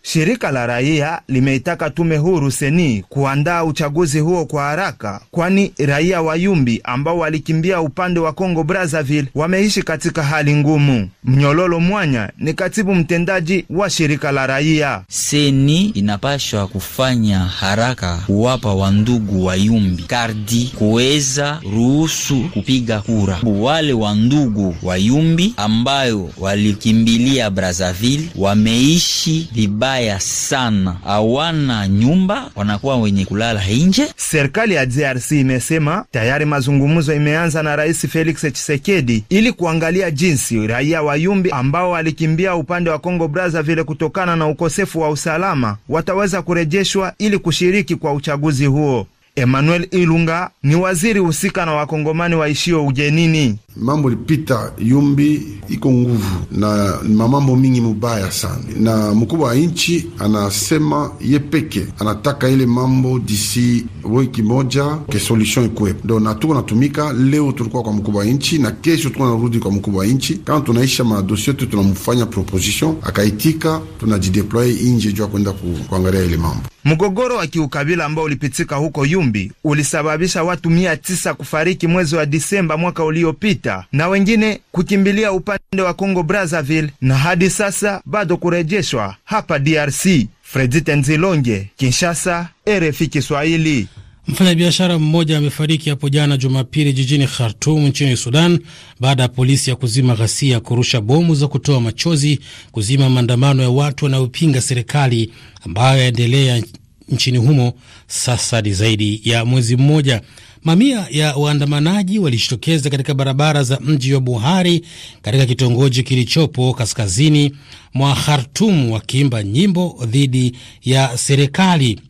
Shirika la raia limeitaka tume huru Seni kuandaa uchaguzi huo kwa haraka, kwani raia wa Yumbi ambao walikimbia upande wa Kongo Brazza Brazzaville wameishi katika hali ngumu. Mnyololo Mwanya ni katibu mtendaji wa shirika la raia seni. Inapashwa kufanya haraka kuwapa wandugu wa yumbi kardi kuweza ruhusu kupiga kura wale wandugu wa yumbi ambayo walikimbilia Brazzaville wameishi vibaya sana, hawana nyumba, wanakuwa wenye kulala nje. Serikali ya DRC imesema tayari mazungumzo imeanza na Rais Felix Tshisekedi ili kuangalia jinsi raia wa Yumbi ambao walikimbia upande wa Kongo Brazzaville kutokana na ukosefu wa usalama wataweza kurejeshwa ili kushiriki kwa uchaguzi huo. Emmanuel Ilunga ni waziri husika na wakongomani waishio ugenini mambo lipita yumbi iko nguvu na mamambo mingi mubaya sana, na mkubwa wa nchi anasema ye peke anataka ile mambo disi wiki moja ke solution ikuwe Ndo natuko natumika leo, tulikuwa kwa mkubwa wa nchi na kesho tuko narudi kwa mkubwa wa nchi. Kama tunaisha madosie tu tunamfanya proposition akaitika, tunajideploye inje juu ya kwenda kuangalia ile mambo. Mgogoro wa kiukabila ambao ulipitika huko Yumbi ulisababisha watu mia tisa kufariki mwezi wa Disemba mwaka uliopita vita na wengine kukimbilia upande wa Congo Brazzaville na hadi sasa bado kurejeshwa hapa DRC. Fredite Nzilonge, Kinshasa, RFI Kiswahili. Mfanyabiashara mmoja amefariki hapo jana Jumapili jijini Khartoum nchini Sudan baada ya polisi ya kuzima ghasia kurusha bomu za kutoa machozi kuzima maandamano ya watu wanaopinga serikali ambayo yaendelea nchini humo sasa ni zaidi ya mwezi mmoja. Mamia ya waandamanaji walijitokeza katika barabara za mji wa Buhari katika kitongoji kilichopo kaskazini mwa Khartum wakiimba nyimbo dhidi ya serikali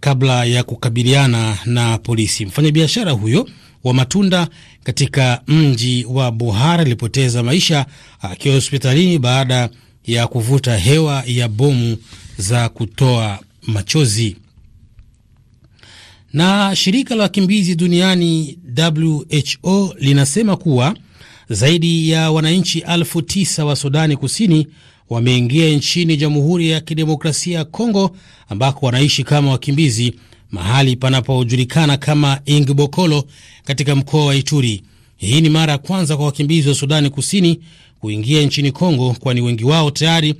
kabla ya kukabiliana na polisi. Mfanyabiashara huyo wa matunda katika mji wa Buhari alipoteza maisha akiwa hospitalini baada ya kuvuta hewa ya bomu za kutoa machozi. Na shirika la wakimbizi duniani WHO linasema kuwa zaidi ya wananchi elfu tisa wa Sudani Kusini wameingia nchini Jamhuri ya Kidemokrasia ya Kongo ambako wanaishi kama wakimbizi mahali panapojulikana kama Ingbokolo katika mkoa wa Ituri. Hii ni mara ya kwanza kwa wakimbizi wa Sudani Kusini kuingia nchini Kongo, kwani wengi wao tayari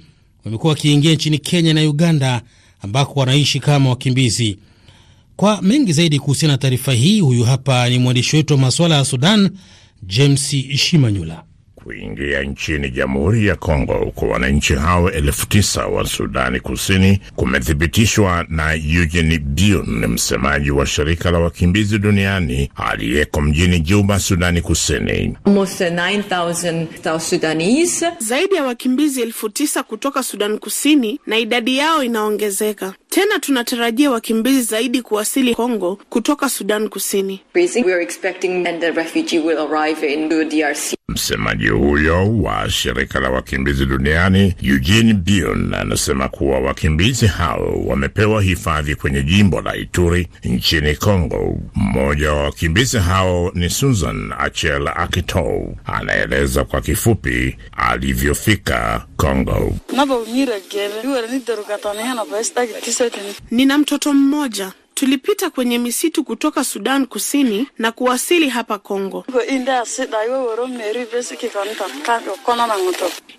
wamekuwa wakiingia nchini Kenya na Uganda ambako wanaishi kama wakimbizi. Kwa mengi zaidi kuhusiana na taarifa hii, huyu hapa ni mwandishi wetu wa masuala ya Sudan, James Shimanyula. Kuingia nchini Jamhuri ya Kongo kwa wananchi hao elfu tisa wa Sudani Kusini kumethibitishwa na Eugene Bion, msemaji wa shirika la wakimbizi duniani aliyeko mjini Juba, Sudani Kusini. zaidi ya wakimbizi elfu tisa kutoka Sudani Kusini na idadi yao inaongezeka. Tena tunatarajia wakimbizi zaidi kuwasili Kongo kutoka Sudan Kusini. Msemaji huyo wa shirika la wakimbizi duniani Eugene Bion anasema kuwa wakimbizi hao wamepewa hifadhi kwenye jimbo la Ituri nchini Kongo. Mmoja wa wakimbizi hao ni Susan Achel Akitou, anaeleza kwa kifupi alivyofika Kongo. Nina mtoto mmoja. Tulipita kwenye misitu kutoka Sudan Kusini na kuwasili hapa Kongo.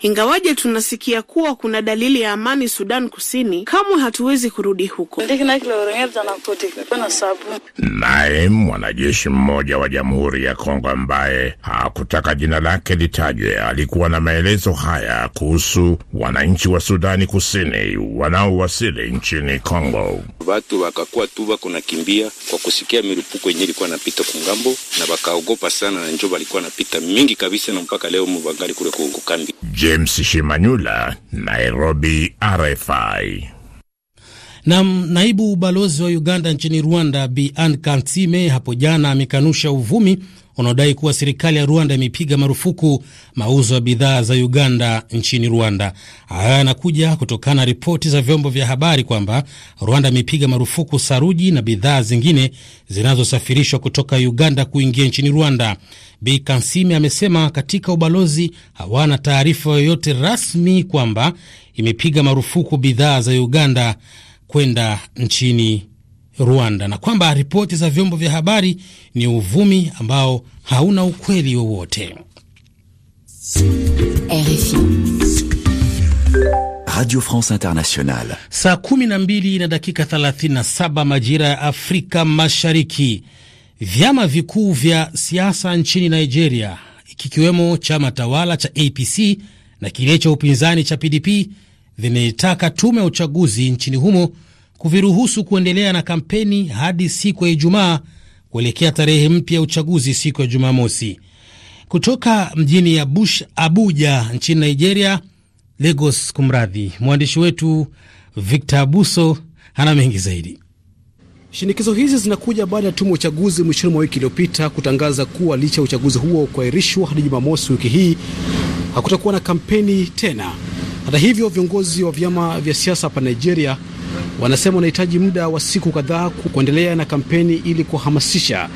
Ingawaje tunasikia kuwa kuna dalili ya amani Sudan Kusini, kamwe hatuwezi kurudi huko. Naye mwanajeshi mmoja wa Jamhuri ya Kongo ambaye hakutaka jina lake litajwe alikuwa na maelezo haya kuhusu wananchi wa Sudani Kusini wanaowasili nchini Kongo. Watu wakakuwa tu juu bako nakimbia kwa kusikia milipuko yenyewe ilikuwa napita kungambo, na bakaogopa sana, na njo balikuwa napita mingi kabisa, na mpaka leo mubangali kule kukambi. James Shimanyula, Nairobi, RFI. Na naibu balozi wa Uganda nchini Rwanda Bi Ann Kantime hapo jana amekanusha uvumi unaodai kuwa serikali ya Rwanda imepiga marufuku mauzo ya bidhaa za Uganda nchini Rwanda. Haya yanakuja kutokana na ripoti za vyombo vya habari kwamba Rwanda imepiga marufuku saruji na bidhaa zingine zinazosafirishwa kutoka Uganda kuingia nchini Rwanda. Bi Kansime amesema katika ubalozi hawana taarifa yoyote rasmi kwamba imepiga marufuku bidhaa za Uganda kwenda nchini Rwanda na kwamba ripoti za vyombo vya habari ni uvumi ambao hauna ukweli wowote. Radio France Internationale. Saa 12 na dakika 37 majira ya Afrika Mashariki. Vyama vikuu vya siasa nchini Nigeria kikiwemo chama tawala cha APC na kile cha upinzani cha PDP vimeitaka tume ya uchaguzi nchini humo kuviruhusu kuendelea na kampeni hadi siku ya Ijumaa kuelekea tarehe mpya ya uchaguzi siku ya Jumamosi. Kutoka mjini Abush, Abuja nchini Nigeria, Lagos kumradhi, mwandishi wetu Victor Abuso hana mengi zaidi. Shinikizo hizi zinakuja baada ya tume ya uchaguzi mwishoni mwa wiki iliyopita kutangaza kuwa licha ya uchaguzi huo kuahirishwa hadi Jumamosi wiki hii hakutakuwa na kampeni tena. Hata hivyo, viongozi wa vyama vya siasa hapa Nigeria wanasema wanahitaji muda wa siku kadhaa kuendelea na kampeni ili kuhamasisha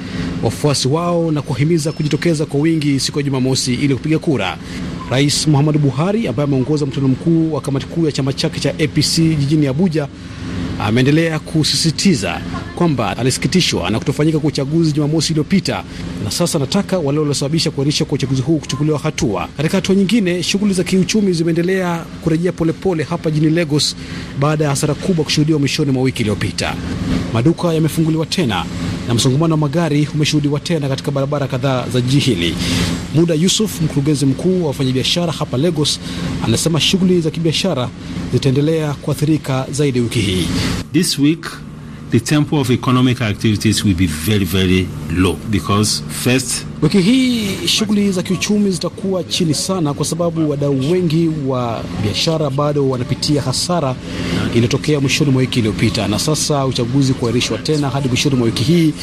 wafuasi wao na kuwahimiza kujitokeza kwa wingi siku ya Jumamosi ili kupiga kura. Rais Muhammadu Buhari ambaye ameongoza mkutano mkuu wa kamati kuu ya chama chake cha APC jijini Abuja ameendelea kusisitiza kwamba alisikitishwa na kutofanyika kwa uchaguzi Jumamosi iliyopita na sasa anataka wale waliosababisha kuahirishwa kwa uchaguzi huu kuchukuliwa hatua. Katika hatua nyingine, shughuli za kiuchumi zimeendelea kurejea polepole hapa jijini Lagos baada ya hasara kubwa kushuhudiwa mwishoni mwa wiki iliyopita. Maduka yamefunguliwa tena na msongamano wa magari umeshuhudiwa tena katika barabara kadhaa za jiji hili. Muda Yusuf, mkurugenzi mkuu wa wafanyabiashara hapa Lagos, anasema shughuli za kibiashara zitaendelea kuathirika zaidi wiki hii. This week the tempo of economic activities will be very, very low because first Wiki hii shughuli za kiuchumi zitakuwa chini sana, kwa sababu wadau wengi wa biashara bado wanapitia hasara iliyotokea mwishoni mwa wiki iliyopita, na sasa uchaguzi kuahirishwa tena hadi mwishoni mwa wiki hii.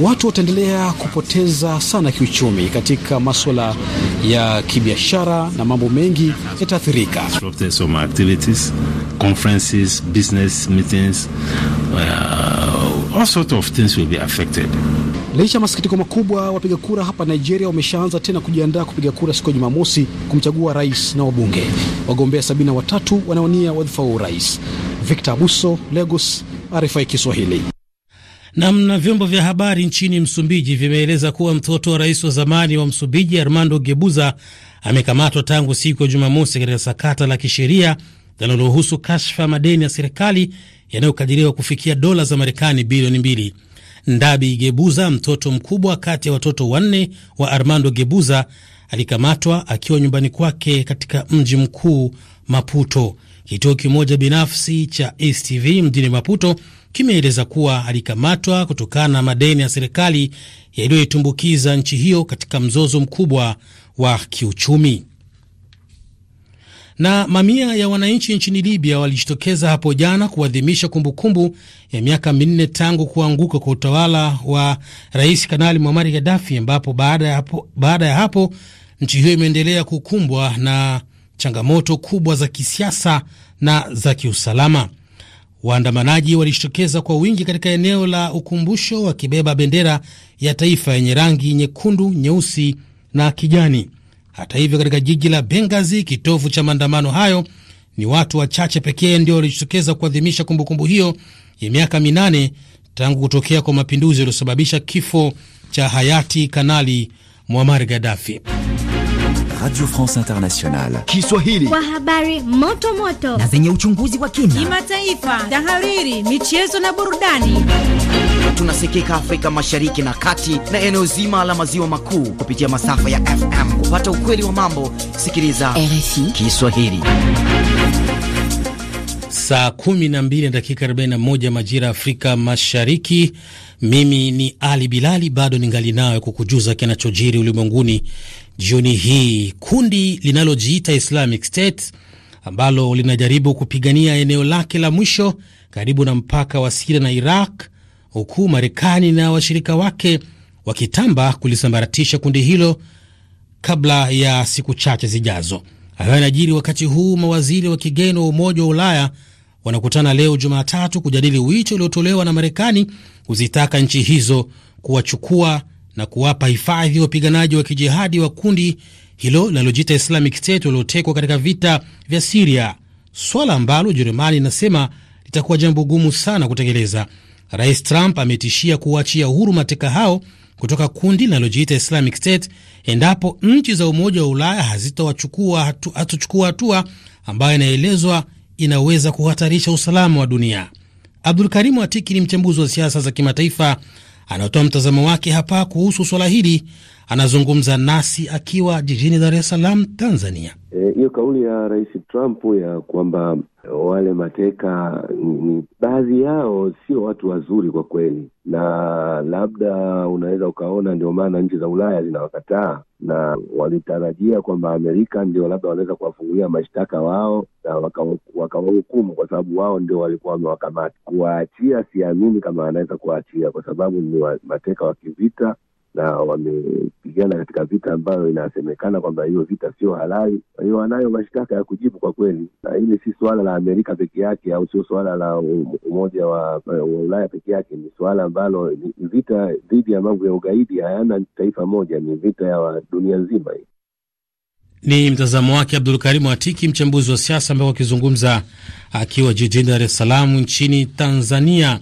Watu wataendelea kupoteza sana kiuchumi katika maswala ya kibiashara, na mambo mengi yataathirika uh, all sort of things will be affected. Licha masikitiko makubwa, wapiga kura hapa Nigeria wameshaanza tena kujiandaa kupiga kura siku ya Jumamosi kumchagua rais na wabunge. Wagombea sabini na watatu wanaonia wadhifa wa urais. Victor Abuso, Lagos, RFI Kiswahili. Namna vyombo vya habari nchini Msumbiji vimeeleza kuwa mtoto wa rais wa zamani wa Msumbiji Armando Gebuza amekamatwa tangu siku ya Jumamosi katika sakata la kisheria linalohusu kashfa ya madeni ya serikali yanayokadiriwa kufikia dola za Marekani bilioni mbili. Ndabi Gebuza, mtoto mkubwa kati ya watoto wanne wa Armando Gebuza, alikamatwa akiwa nyumbani kwake katika mji mkuu Maputo. Kituo kimoja binafsi cha STV mjini Maputo kimeeleza kuwa alikamatwa kutokana na madeni ya serikali yaliyoitumbukiza nchi hiyo katika mzozo mkubwa wa kiuchumi. Na mamia ya wananchi nchini Libya walijitokeza hapo jana kuadhimisha kumbukumbu ya miaka minne tangu kuanguka kwa utawala wa Rais Kanali Muamari Gaddafi, ambapo baada ya hapo, baada ya hapo nchi hiyo imeendelea kukumbwa na changamoto kubwa za kisiasa na za kiusalama. Waandamanaji walijitokeza kwa wingi katika eneo la ukumbusho wakibeba bendera ya taifa yenye rangi nyekundu, nyeusi na kijani. Hata hivyo, katika jiji la Benghazi, kitovu cha maandamano hayo, ni watu wachache pekee ndio walijitokeza kuadhimisha kumbukumbu hiyo ya miaka minane tangu kutokea kwa mapinduzi yaliyosababisha kifo cha hayati Kanali Muammar Gaddafi. Radio France Internationale Kiswahili, kwa habari moto moto na zenye uchunguzi wa kina, kimataifa, tahariri, michezo na burudani tunasikika Afrika Mashariki na Kati na eneo zima la maziwa makuu kupitia masafa ya FM. Kupata ukweli wa mambo, sikiliza RFI Kiswahili. Saa 12 na dakika 41 majira Afrika Mashariki. Mimi ni Ali Bilali, bado ningali nawe kukujuza kinachojiri ulimwenguni jioni hii. Kundi linalojiita Islamic State ambalo linajaribu kupigania eneo lake la mwisho karibu na mpaka wa Siria na Iraq huku Marekani na washirika wake wakitamba kulisambaratisha kundi hilo kabla ya siku chache zijazo. Hayo yanajiri wakati huu mawaziri wa kigeni wa Umoja wa Ulaya wanakutana leo Jumatatu kujadili wito uliotolewa na Marekani kuzitaka nchi hizo kuwachukua na kuwapa hifadhi wapiganaji wa kijihadi wa kundi hilo linalojita Islamic State waliotekwa katika vita vya Siria, swala ambalo Ujerumani inasema litakuwa jambo gumu sana kutekeleza. Rais Trump ametishia kuwachia uhuru mateka hao kutoka kundi linalojiita Islamic State endapo nchi za Umoja wa Ulaya hazitachukua hatu, hatua ambayo inaelezwa inaweza kuhatarisha usalama wa dunia. Abdul Karimu Atiki ni mchambuzi wa siasa za kimataifa anaotoa mtazamo wake hapa kuhusu swala hili. Anazungumza nasi akiwa jijini Dar es Salaam, Tanzania. E, hiyo e, kauli ya Rais Trump ya kwamba wale mateka ni, baadhi yao sio watu wazuri kwa kweli, na labda unaweza ukaona ndio maana nchi za Ulaya zinawakataa na walitarajia kwamba Amerika ndio labda wanaweza kuwafungulia mashtaka wao na wakawahukumu waka, kwa sababu wao ndio walikuwa wamewakamata. Kuwaachia siamini kama anaweza kuwaachia, kwa sababu ni mateka wa kivita na wamepigana katika vita ambayo inasemekana kwamba hiyo vita sio halali. Kwa hiyo wanayo mashtaka ya kujibu kwa kweli, na hili si suala la Amerika peke yake au sio suala la um-, Umoja wa, eh, wa Ulaya peke yake. Ni suala ambalo ni vita dhidi ya mambo ya ugaidi, hayana taifa moja, ni vita ya dunia nzima hii. Ni mtazamo wake Abdul Karimu Atiki, mchambuzi wa siasa, ambaye akizungumza akiwa jijini Dar es Salaam nchini Tanzania.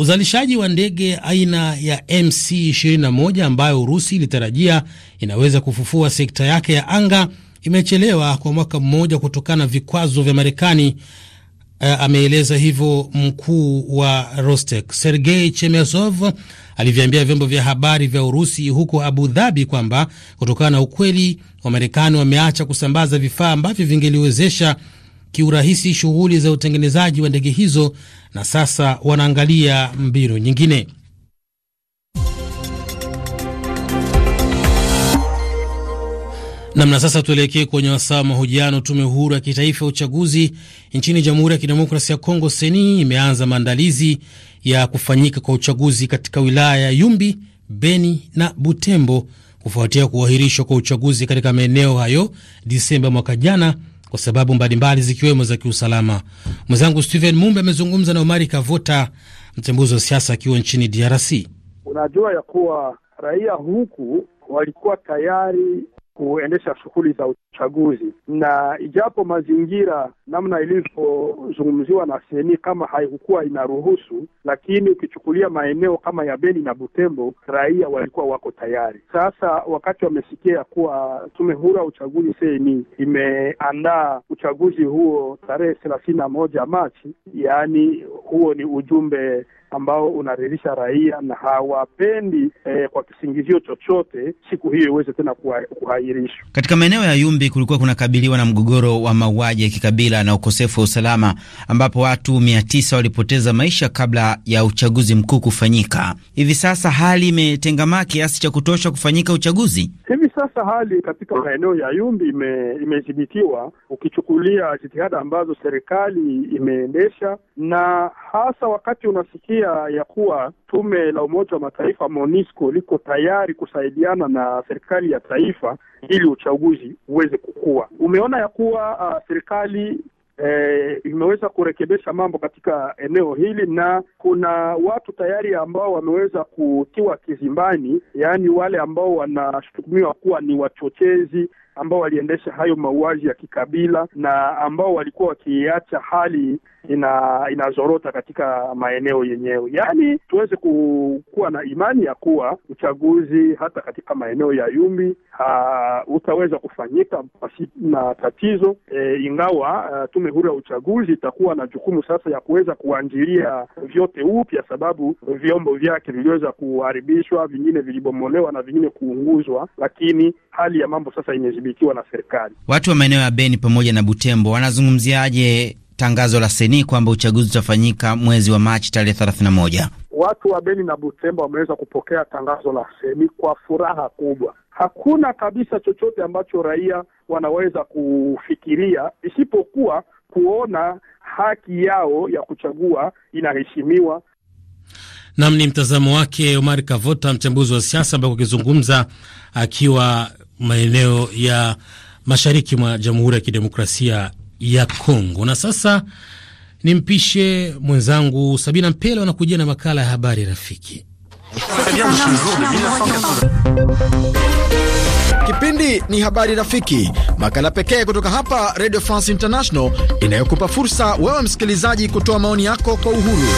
Uzalishaji wa ndege aina ya MC21 ambayo Urusi ilitarajia inaweza kufufua sekta yake ya anga imechelewa kwa mwaka mmoja kutokana na vikwazo vya Marekani. Uh, ameeleza hivyo mkuu wa Rostec Sergei Chemezov aliviambia vyombo vya habari vya Urusi huko Abu Dhabi kwamba kutokana na ukweli wa Marekani wameacha kusambaza vifaa ambavyo vingeliwezesha kiurahisi shughuli za utengenezaji wa ndege hizo na sasa wanaangalia mbinu nyingine. Namna sasa, tuelekee kwenye wasaa wa mahojiano. Tume Huru ya Kitaifa ya Uchaguzi nchini Jamhuri ya Kidemokrasia ya Kongo, seni imeanza maandalizi ya kufanyika kwa uchaguzi katika wilaya ya Yumbi, Beni na Butembo kufuatia kuahirishwa kwa uchaguzi katika maeneo hayo Disemba mwaka jana kwa sababu mbalimbali zikiwemo za kiusalama. Mwenzangu Steven Mumbe amezungumza na Omari Kavota, mchambuzi wa siasa akiwa nchini DRC. Unajua ya kuwa raia huku walikuwa tayari kuendesha shughuli za uchaguzi, na ijapo mazingira namna ilivyozungumziwa na seni kama haikukuwa inaruhusu, lakini ukichukulia maeneo kama ya Beni na Butembo, raia walikuwa wako tayari. Sasa wakati wamesikia kuwa tume huru ya uchaguzi seni imeandaa uchaguzi huo tarehe thelathini na moja Machi, yaani huo ni ujumbe ambao unaridhisha raia na hawapendi eh, kwa kisingizio chochote siku hiyo iweze tena kuhairishwa. Katika maeneo ya Yumbi kulikuwa kunakabiliwa na mgogoro wa mauaji ya kikabila na ukosefu wa usalama, ambapo watu mia tisa walipoteza maisha kabla ya uchaguzi mkuu kufanyika. Hivi sasa hali imetengamaa kiasi cha kutosha kufanyika uchaguzi. Hivi sasa hali katika maeneo ya Yumbi imedhibitiwa, ime ukichukulia jitihada ambazo serikali imeendesha, na hasa wakati unasikia pia ya kuwa tume la Umoja wa Mataifa MONUSCO liko tayari kusaidiana na serikali ya taifa ili uchaguzi uweze kukua. Umeona ya kuwa uh, serikali eh, imeweza kurekebisha mambo katika eneo hili na kuna watu tayari ambao wameweza kutiwa kizimbani, yaani wale ambao wanashutumiwa kuwa ni wachochezi ambao waliendesha hayo mauaji ya kikabila na ambao walikuwa wakiacha hali ina inazorota katika maeneo yenyewe, yaani tuweze kuwa na imani ya kuwa uchaguzi hata katika maeneo ya Yumbi uh, utaweza kufanyika pasi na tatizo e, ingawa uh, tume huru ya uchaguzi itakuwa na jukumu sasa ya kuweza kuanjilia vyote upya, sababu vyombo vyake viliweza kuharibishwa, vingine vilibomolewa na vingine kuunguzwa, lakini hali ya mambo sasa imedhibitiwa na serikali. Watu wa maeneo ya Beni pamoja na Butembo wanazungumziaje tangazo la Seni kwamba uchaguzi utafanyika mwezi wa Machi tarehe thelathini na moja. Watu wa Beni na Butembo wameweza kupokea tangazo la Seni kwa furaha kubwa. Hakuna kabisa chochote ambacho raia wanaweza kufikiria isipokuwa kuona haki yao ya kuchagua inaheshimiwa. Nam ni mtazamo wake Omar Kavota, mchambuzi wa siasa, ambayo akizungumza akiwa maeneo ya mashariki mwa Jamhuri ya Kidemokrasia ya Kongo. Na sasa nimpishe mwenzangu Sabina Mpele wanakujia na makala ya habari rafiki. Kipindi ni habari rafiki, makala pekee kutoka hapa Radio France International inayokupa fursa wewe msikilizaji kutoa maoni yako kwa uhuru.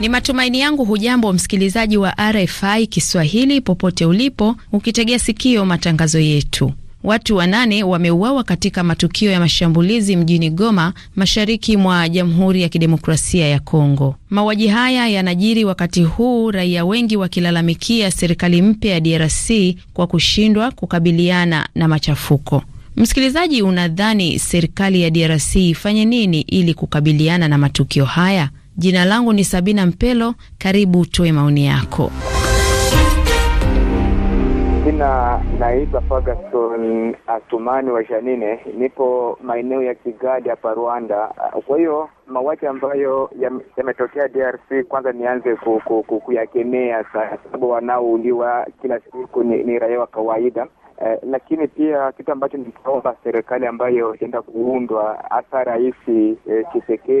Ni matumaini yangu hujambo msikilizaji wa RFI Kiswahili popote ulipo, ukitegea sikio matangazo yetu. Watu wanane wameuawa katika matukio ya mashambulizi mjini Goma, mashariki mwa Jamhuri ya Kidemokrasia ya Kongo. Mauaji haya yanajiri wakati huu raia wengi wakilalamikia serikali mpya ya DRC kwa kushindwa kukabiliana na machafuko. Msikilizaji, unadhani serikali ya DRC ifanye nini ili kukabiliana na matukio haya? Jina langu ni Sabina Mpelo, karibu utoe maoni yako. Jina naitwa Ferguson Atumani wa Janine, nipo maeneo ya Kigali hapa Rwanda. Kwa hiyo mauaji ambayo yametokea ya DRC, kwanza nianze kuyakemea ku, ku, ku, sana, sababu wanaouliwa kila siku ni, ni raia wa kawaida Eh, lakini pia kitu ambacho nikiomba serikali ambayo itaenda kuundwa hasa Rais eh,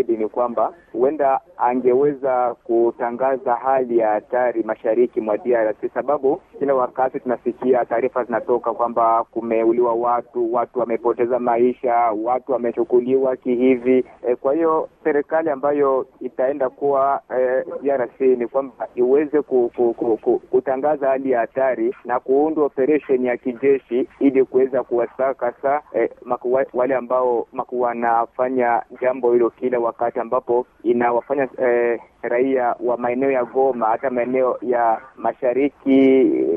ni kwamba huenda angeweza kutangaza hali ya hatari mashariki mwa DRC, sababu kila wakati tunasikia taarifa zinatoka kwamba kumeuliwa watu, watu wamepoteza maisha, watu wamechukuliwa kihivi. Eh, kwa hiyo serikali ambayo itaenda kuwa eh, DRC ni kwamba iweze ku, ku, ku, ku, kutangaza hali ya hatari na kuundwa operesheni ya kij jeshi ili kuweza kuwasaka sa eh, makuwa, wale ambao wanafanya jambo hilo kila wakati ambapo inawafanya eh, raia wa maeneo ya Goma hata maeneo ya mashariki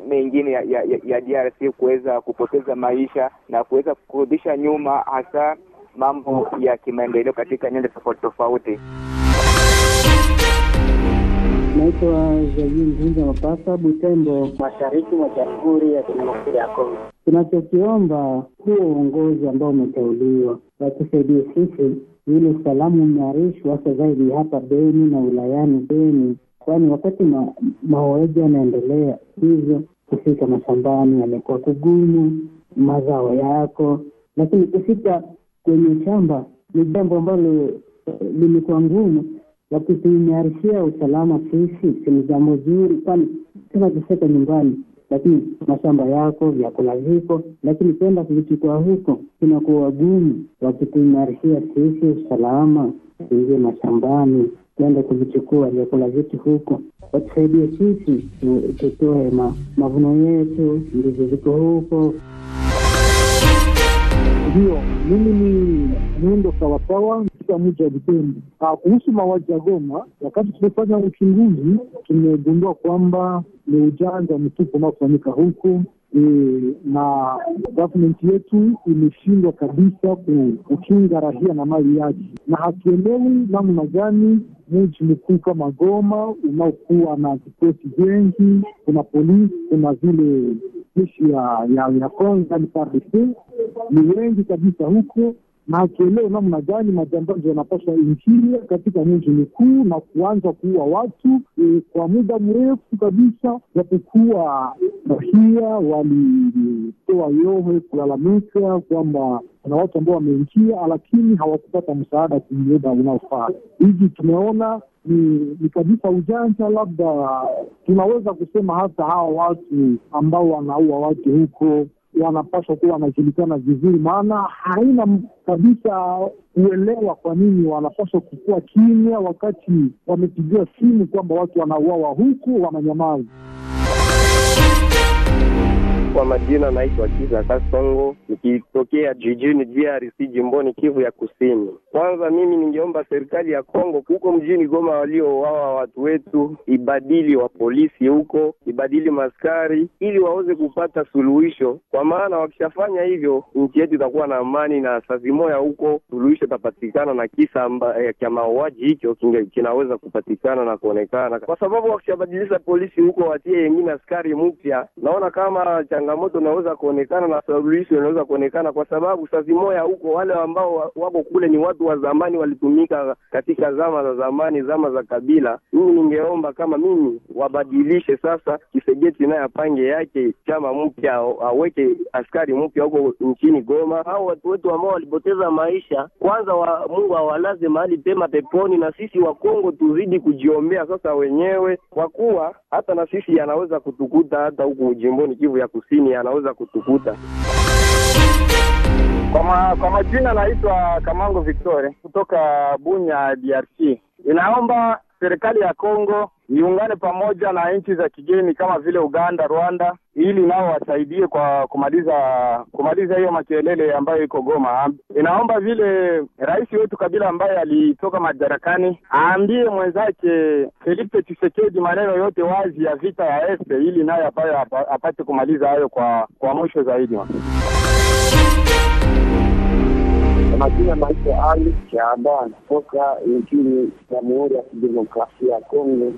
mengine ya, ya, ya DRC kuweza kupoteza maisha na kuweza kurudisha nyuma hasa mambo ya kimaendeleo katika nyanja tofauti tofauti. Naitwa Jaji Mvunja Mapasa, Butembo, mashariki mwa Jamhuri ya Kidemokrasia ya Kongo. Tunachokiomba huo uongozi ambao umeteuliwa watusaidie sisi, ile usalama umearishwa hasa zaidi hapa Beni na wilayani Beni, kwani wakati ma, maoeji yanaendelea hivyo, kufika mashambani yamekuwa kugumu, mazao yako, lakini kufika kwenye shamba ni jambo ambalo eh, limekuwa ngumu wakituimarishia usalama sisi, ni jambo zuri, kwani tena nyumbani, lakini mashamba yako vyakula viko, lakini kwenda kuvichukua huko inakuwa wagumu. Wakituimarishia sisi usalama, tuingie mashambani tuende kuvichukua vyakula vyetu huko, watusaidie sisi tutoe mavuno yetu, ndivyo viko huko ndio mimi ni muundo sawasawa katika mji wa Butembo. Ah, kuhusu mauaji ya Goma, wakati tumefanya uchunguzi tumegundua kwamba ni ujanja mtupu unaofanyika huku e, na gavumenti yetu imeshindwa kabisa kuchunga rahia na mali yake, na hatuelewi namna gani mji mkuu kama Goma unaokuwa na vikosi vyengi kuna polisi, kuna vile majeshi ya Kongo yani FARDC ni wengi kabisa huko, na akielewa namna gani majambazi wanapaswa ingilia katika mji mkuu na kuanza kuua watu e, kwa muda mrefu kabisa, japokuwa raia walitoa yohe kulalamika kwamba kuna watu ambao wameingia, lakini hawakupata msaada kwa muda unaofaa. Hivi tumeona ni, ni kabisa ujanja. Labda tunaweza kusema hata hawa watu ambao wanaua watu huko wanapaswa kuwa wanajulikana vizuri, maana haina kabisa kuelewa kwa nini wanapaswa kukua kimya wakati wamepigiwa simu kwamba watu wanauawa huku wananyamaza. Kwa majina naitwa Kiza Kasongo, nikitokea jijini DRC, jimboni Kivu ya Kusini. Kwanza mimi ningeomba serikali ya Kongo huko mjini Goma waliowawa watu wetu ibadili wa polisi huko, ibadili maskari ili waweze kupata suluhisho, kwa maana wakishafanya hivyo nchi yetu itakuwa na amani, na sazi moya huko suluhisho itapatikana, na kisa eh, cha mauaji hicho kinaweza kupatikana na kuonekana, kwa sababu wakishabadilisha polisi huko watie yengine askari mpya, naona kama changa changamoto inaweza kuonekana na suluhisho inaweza kuonekana, kwa sababu sazi moya huko wale ambao wako kule ni watu wa zamani, walitumika katika zama za zamani, zama za kabila. Mimi ningeomba kama mimi wabadilishe sasa, Kisegeti naye apange yake chama mpya, aweke askari mpya huko nchini Goma. Hao watu wetu ambao walipoteza maisha, kwanza wa Mungu awalaze mahali pema peponi, na sisi Wakongo tuzidi kujiombea sasa wenyewe, kwa kuwa hata na sisi yanaweza kutukuta hata huku jimboni Kivu ya Kusini chini anaweza kutukuta. Kwa, ma, kwa majina naitwa Kamango Victoria kutoka Bunya DRC. Inaomba serikali ya Kongo iungane pamoja na nchi za kigeni kama vile Uganda, Rwanda ili nao wasaidie kwa kumaliza kumaliza hiyo makelele ambayo iko Goma. Inaomba vile rais wetu Kabila ambaye alitoka madarakani aambie mwenzake Felipe Tshisekedi maneno yote wazi ya vita ya este, ili naye apate kumaliza hayo kwa kwa mwisho zaidi. Majina maisha Ali Shaabani toka nchini Jamhuri ya Kidemokrasia ya Kongo.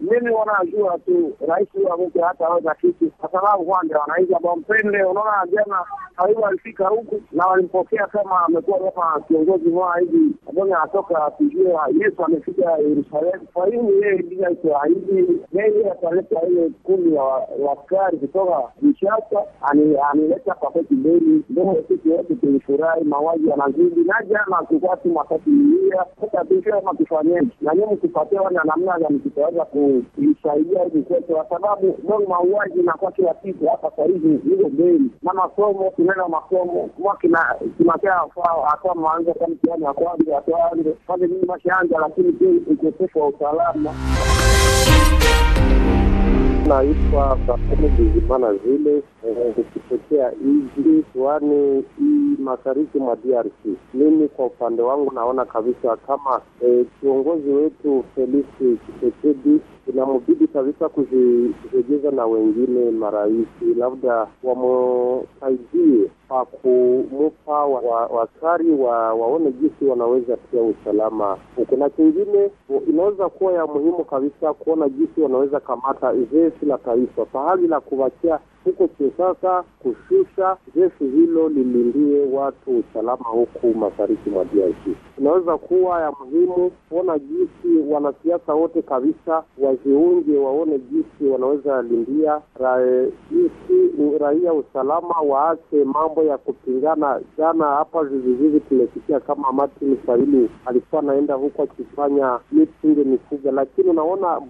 Mimi wanajua tu rais wa mtu hataweza kitu, kwa sababu kwanza wananchi ambao mpende. Unaona jana karibu alifika huku na walimpokea kama amekuwa kama kiongozi mwaa hivi ambao anatoka kujua Yesu amefika Yerusalemu. Kwa hiyo yeye aitwa hivi, yeye ataleta ile kundi ya waskari kutoka Kinshasa, anileta kwa kweli ndio sisi wote tulifurahi mawa maji yanazidi, na jana tukwasi mwakatiia tatusema tufanyeni na nyie mtupatewa na namna gani tutaweza kuisaidia hivi kwetu, kwa sababu Bongo mauaji inakuwa kila siku hapa kwa hivi hiyo na masomo, tunaenda masomo mwaka tunatea afao atoa maanza kwa mtihani ya kwanza atoanze kwanza mimi mashaanja, lakini pia ukosefu wa usalama Naitwa Bakumi Bizimana zile eh, nikitokea hivi tuani hii mashariki mwa DRC. Mimi kwa upande wangu naona kabisa kama eh, kiongozi wetu felisi chisekedi inamubidi kabisa kuzirejeza na wengine marahisi, labda wamsaidie pa kumupa waskari wa, wa, waone jinsi wanaweza pia usalama huko, na kingine inaweza kuwa ya muhimu kabisa kuona jinsi wanaweza kamata zesi la taifa pahali la kuwachia huko Kinshasa kushusha jeshi hilo lilindie watu usalama huku mashariki mwa DRC. Inaweza kuwa ya muhimu kuona jinsi wanasiasa wote kabisa wajiunge, waone jinsi wanaweza lindia raia usalama, waache mambo ya kupingana. Jana hapa vizizizi tumesikia kama Martin Fayulu alikuwa anaenda huko akifanya mitinge mikubwa, lakini unaona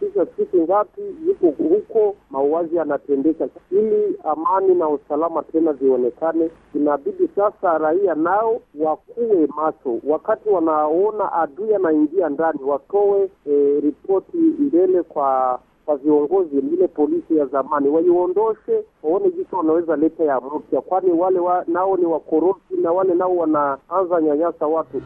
kisa siku ngapi yuko huko mauaji yanatendea kuimarika. Ili amani na usalama tena zionekane inabidi sasa raia nao wakuwe macho, wakati wanaona adui anaingia ndani, watoe e, ripoti mbele kwa kwa viongozi ile polisi ya zamani waiondoshe, waone jinsi wanaweza leta ya mpya, kwani wale wa, nao ni wakorofi na wale nao wanaanza nyanyasa watu.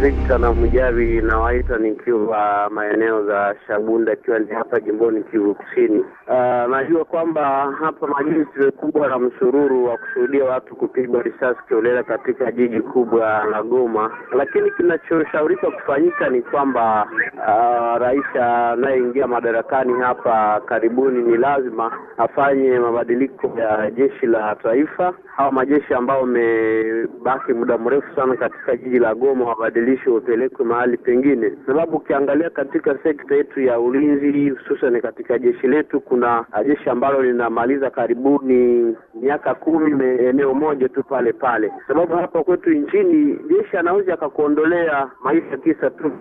Victor na Mujabi nawaita nikiwa maeneo za Shabunda, ikiwa ni hapa jimboni Kivu Kusini. Uh, najua kwamba hapa majuzi tumekumbwa na msururu wa kushuhudia watu kupigwa risasi kiolela katika jiji kubwa la Goma, lakini kinachoshaurika kufanyika ni kwamba uh, rais anayeingia madarakani hapa karibuni ni lazima afanye mabadiliko ya jeshi la taifa Hawa majeshi ambao amebaki muda mrefu sana katika jiji la Goma wabadilike ubadilisho upelekwe mahali pengine, sababu ukiangalia katika sekta yetu ya ulinzi, hususan katika jeshi letu, kuna jeshi ambalo linamaliza karibuni miaka kumi eneo moja tu pale pale, sababu hapa kwetu nchini jeshi anaweza akakuondolea maisha kisa tu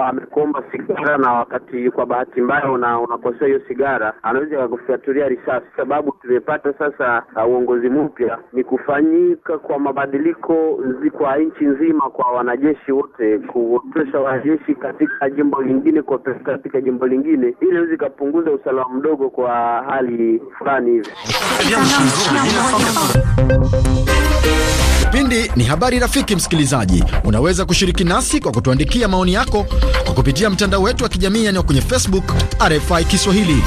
amekuomba sigara, na wakati kwa bahati mbaya unakosea hiyo sigara, anaweza akakufyatulia risasi. Sababu tumepata sasa uh, uongozi mpya, ni kufanyika kwa mabadiliko kwa nchi nzima kwa wanajeshi wote zote kuotosha wanajeshi katika jimbo lingine, kuwapeleka katika jimbo lingine, ili iweze ikapunguza usalama mdogo kwa hali fulani hivi. Kipindi ni habari rafiki. Msikilizaji, unaweza kushiriki nasi kwa kutuandikia maoni yako kwa kupitia mtandao wetu wa kijamii, yani kwenye Facebook RFI Kiswahili.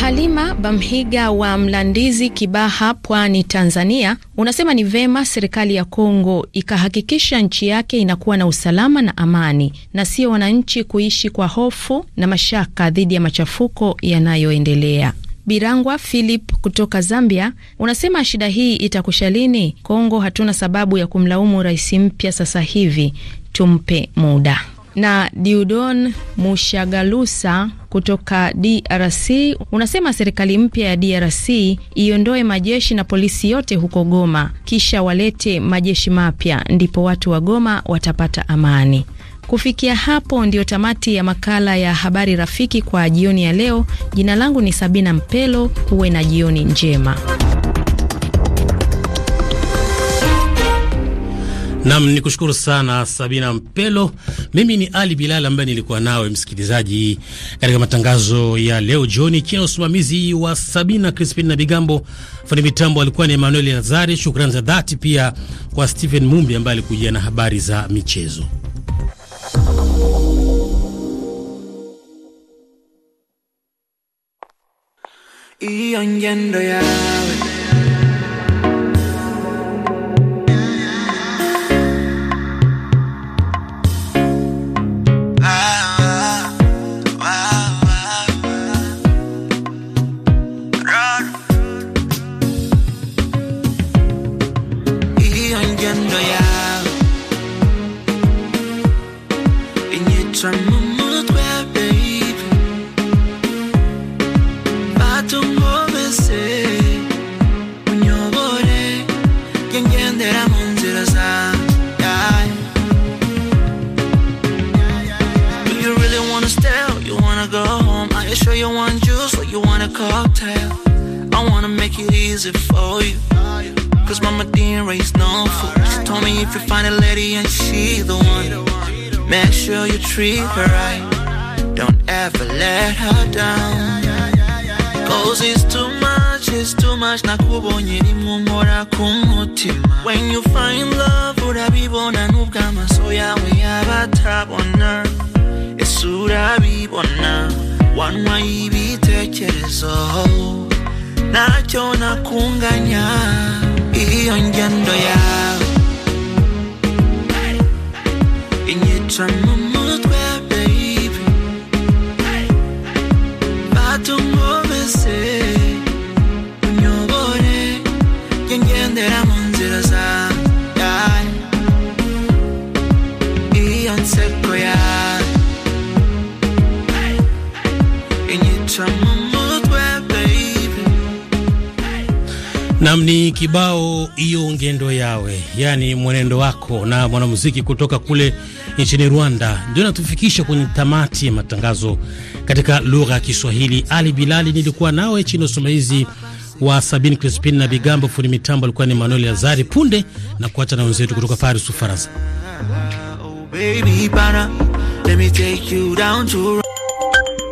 Halima Bamhiga wa Mlandizi, Kibaha, Pwani, Tanzania, unasema ni vema serikali ya Kongo ikahakikisha nchi yake inakuwa na usalama na amani na sio wananchi kuishi kwa hofu na mashaka dhidi ya machafuko yanayoendelea. Birangwa Philip kutoka Zambia unasema shida hii itakusha lini? Kongo hatuna sababu ya kumlaumu rais mpya sasa hivi, tumpe muda na Diudon Mushagalusa kutoka DRC unasema serikali mpya ya DRC iondoe majeshi na polisi yote huko Goma, kisha walete majeshi mapya, ndipo watu wa Goma watapata amani. Kufikia hapo ndiyo tamati ya makala ya habari rafiki kwa jioni ya leo. Jina langu ni Sabina Mpelo, huwe na jioni njema. Nam ni kushukuru sana Sabina Mpelo. Mimi ni Ali Bilal ambaye nilikuwa nawe msikilizaji katika matangazo ya leo jioni, chini ya usimamizi wa Sabina Crispin na Bigambo. Fundi mitambo alikuwa ni Emmanuel Lazari. Shukrani za dhati pia kwa Stephen Mumbi ambaye alikujia na habari za michezo. Iyo ngendo yawe entiendo ya. And you turn my mood, baby. I don't sure you want juice or you want a cocktail. I wanna make it easy for you. Cause mama didn't raise if you find a lady and she the one, make sure you treat her right. Don't ever let her down. Cause it's too much, it's too much nakubonye rimwe umora ku mutima When you find love urabibona nubwo amaso yawe yabatabona Ese urabibona wanwa y'ibitekerezo Na nakunganya iyo ngendo yawe Er. Nam ni kibao hiyo ngendo yawe, yaani mwenendo wako na mwanamuziki kutoka kule nchini Rwanda. Ndio natufikisha kwenye tamati ya matangazo katika lugha ya Kiswahili. Ali Bilali nilikuwa nawe chini ya usimamizi wa Sabin Crispin na Bigambo. Fundi mitambo alikuwa ni Manuel Azari. Punde na kuacha na wenzetu kutoka Paris, Ufaransa. Oh,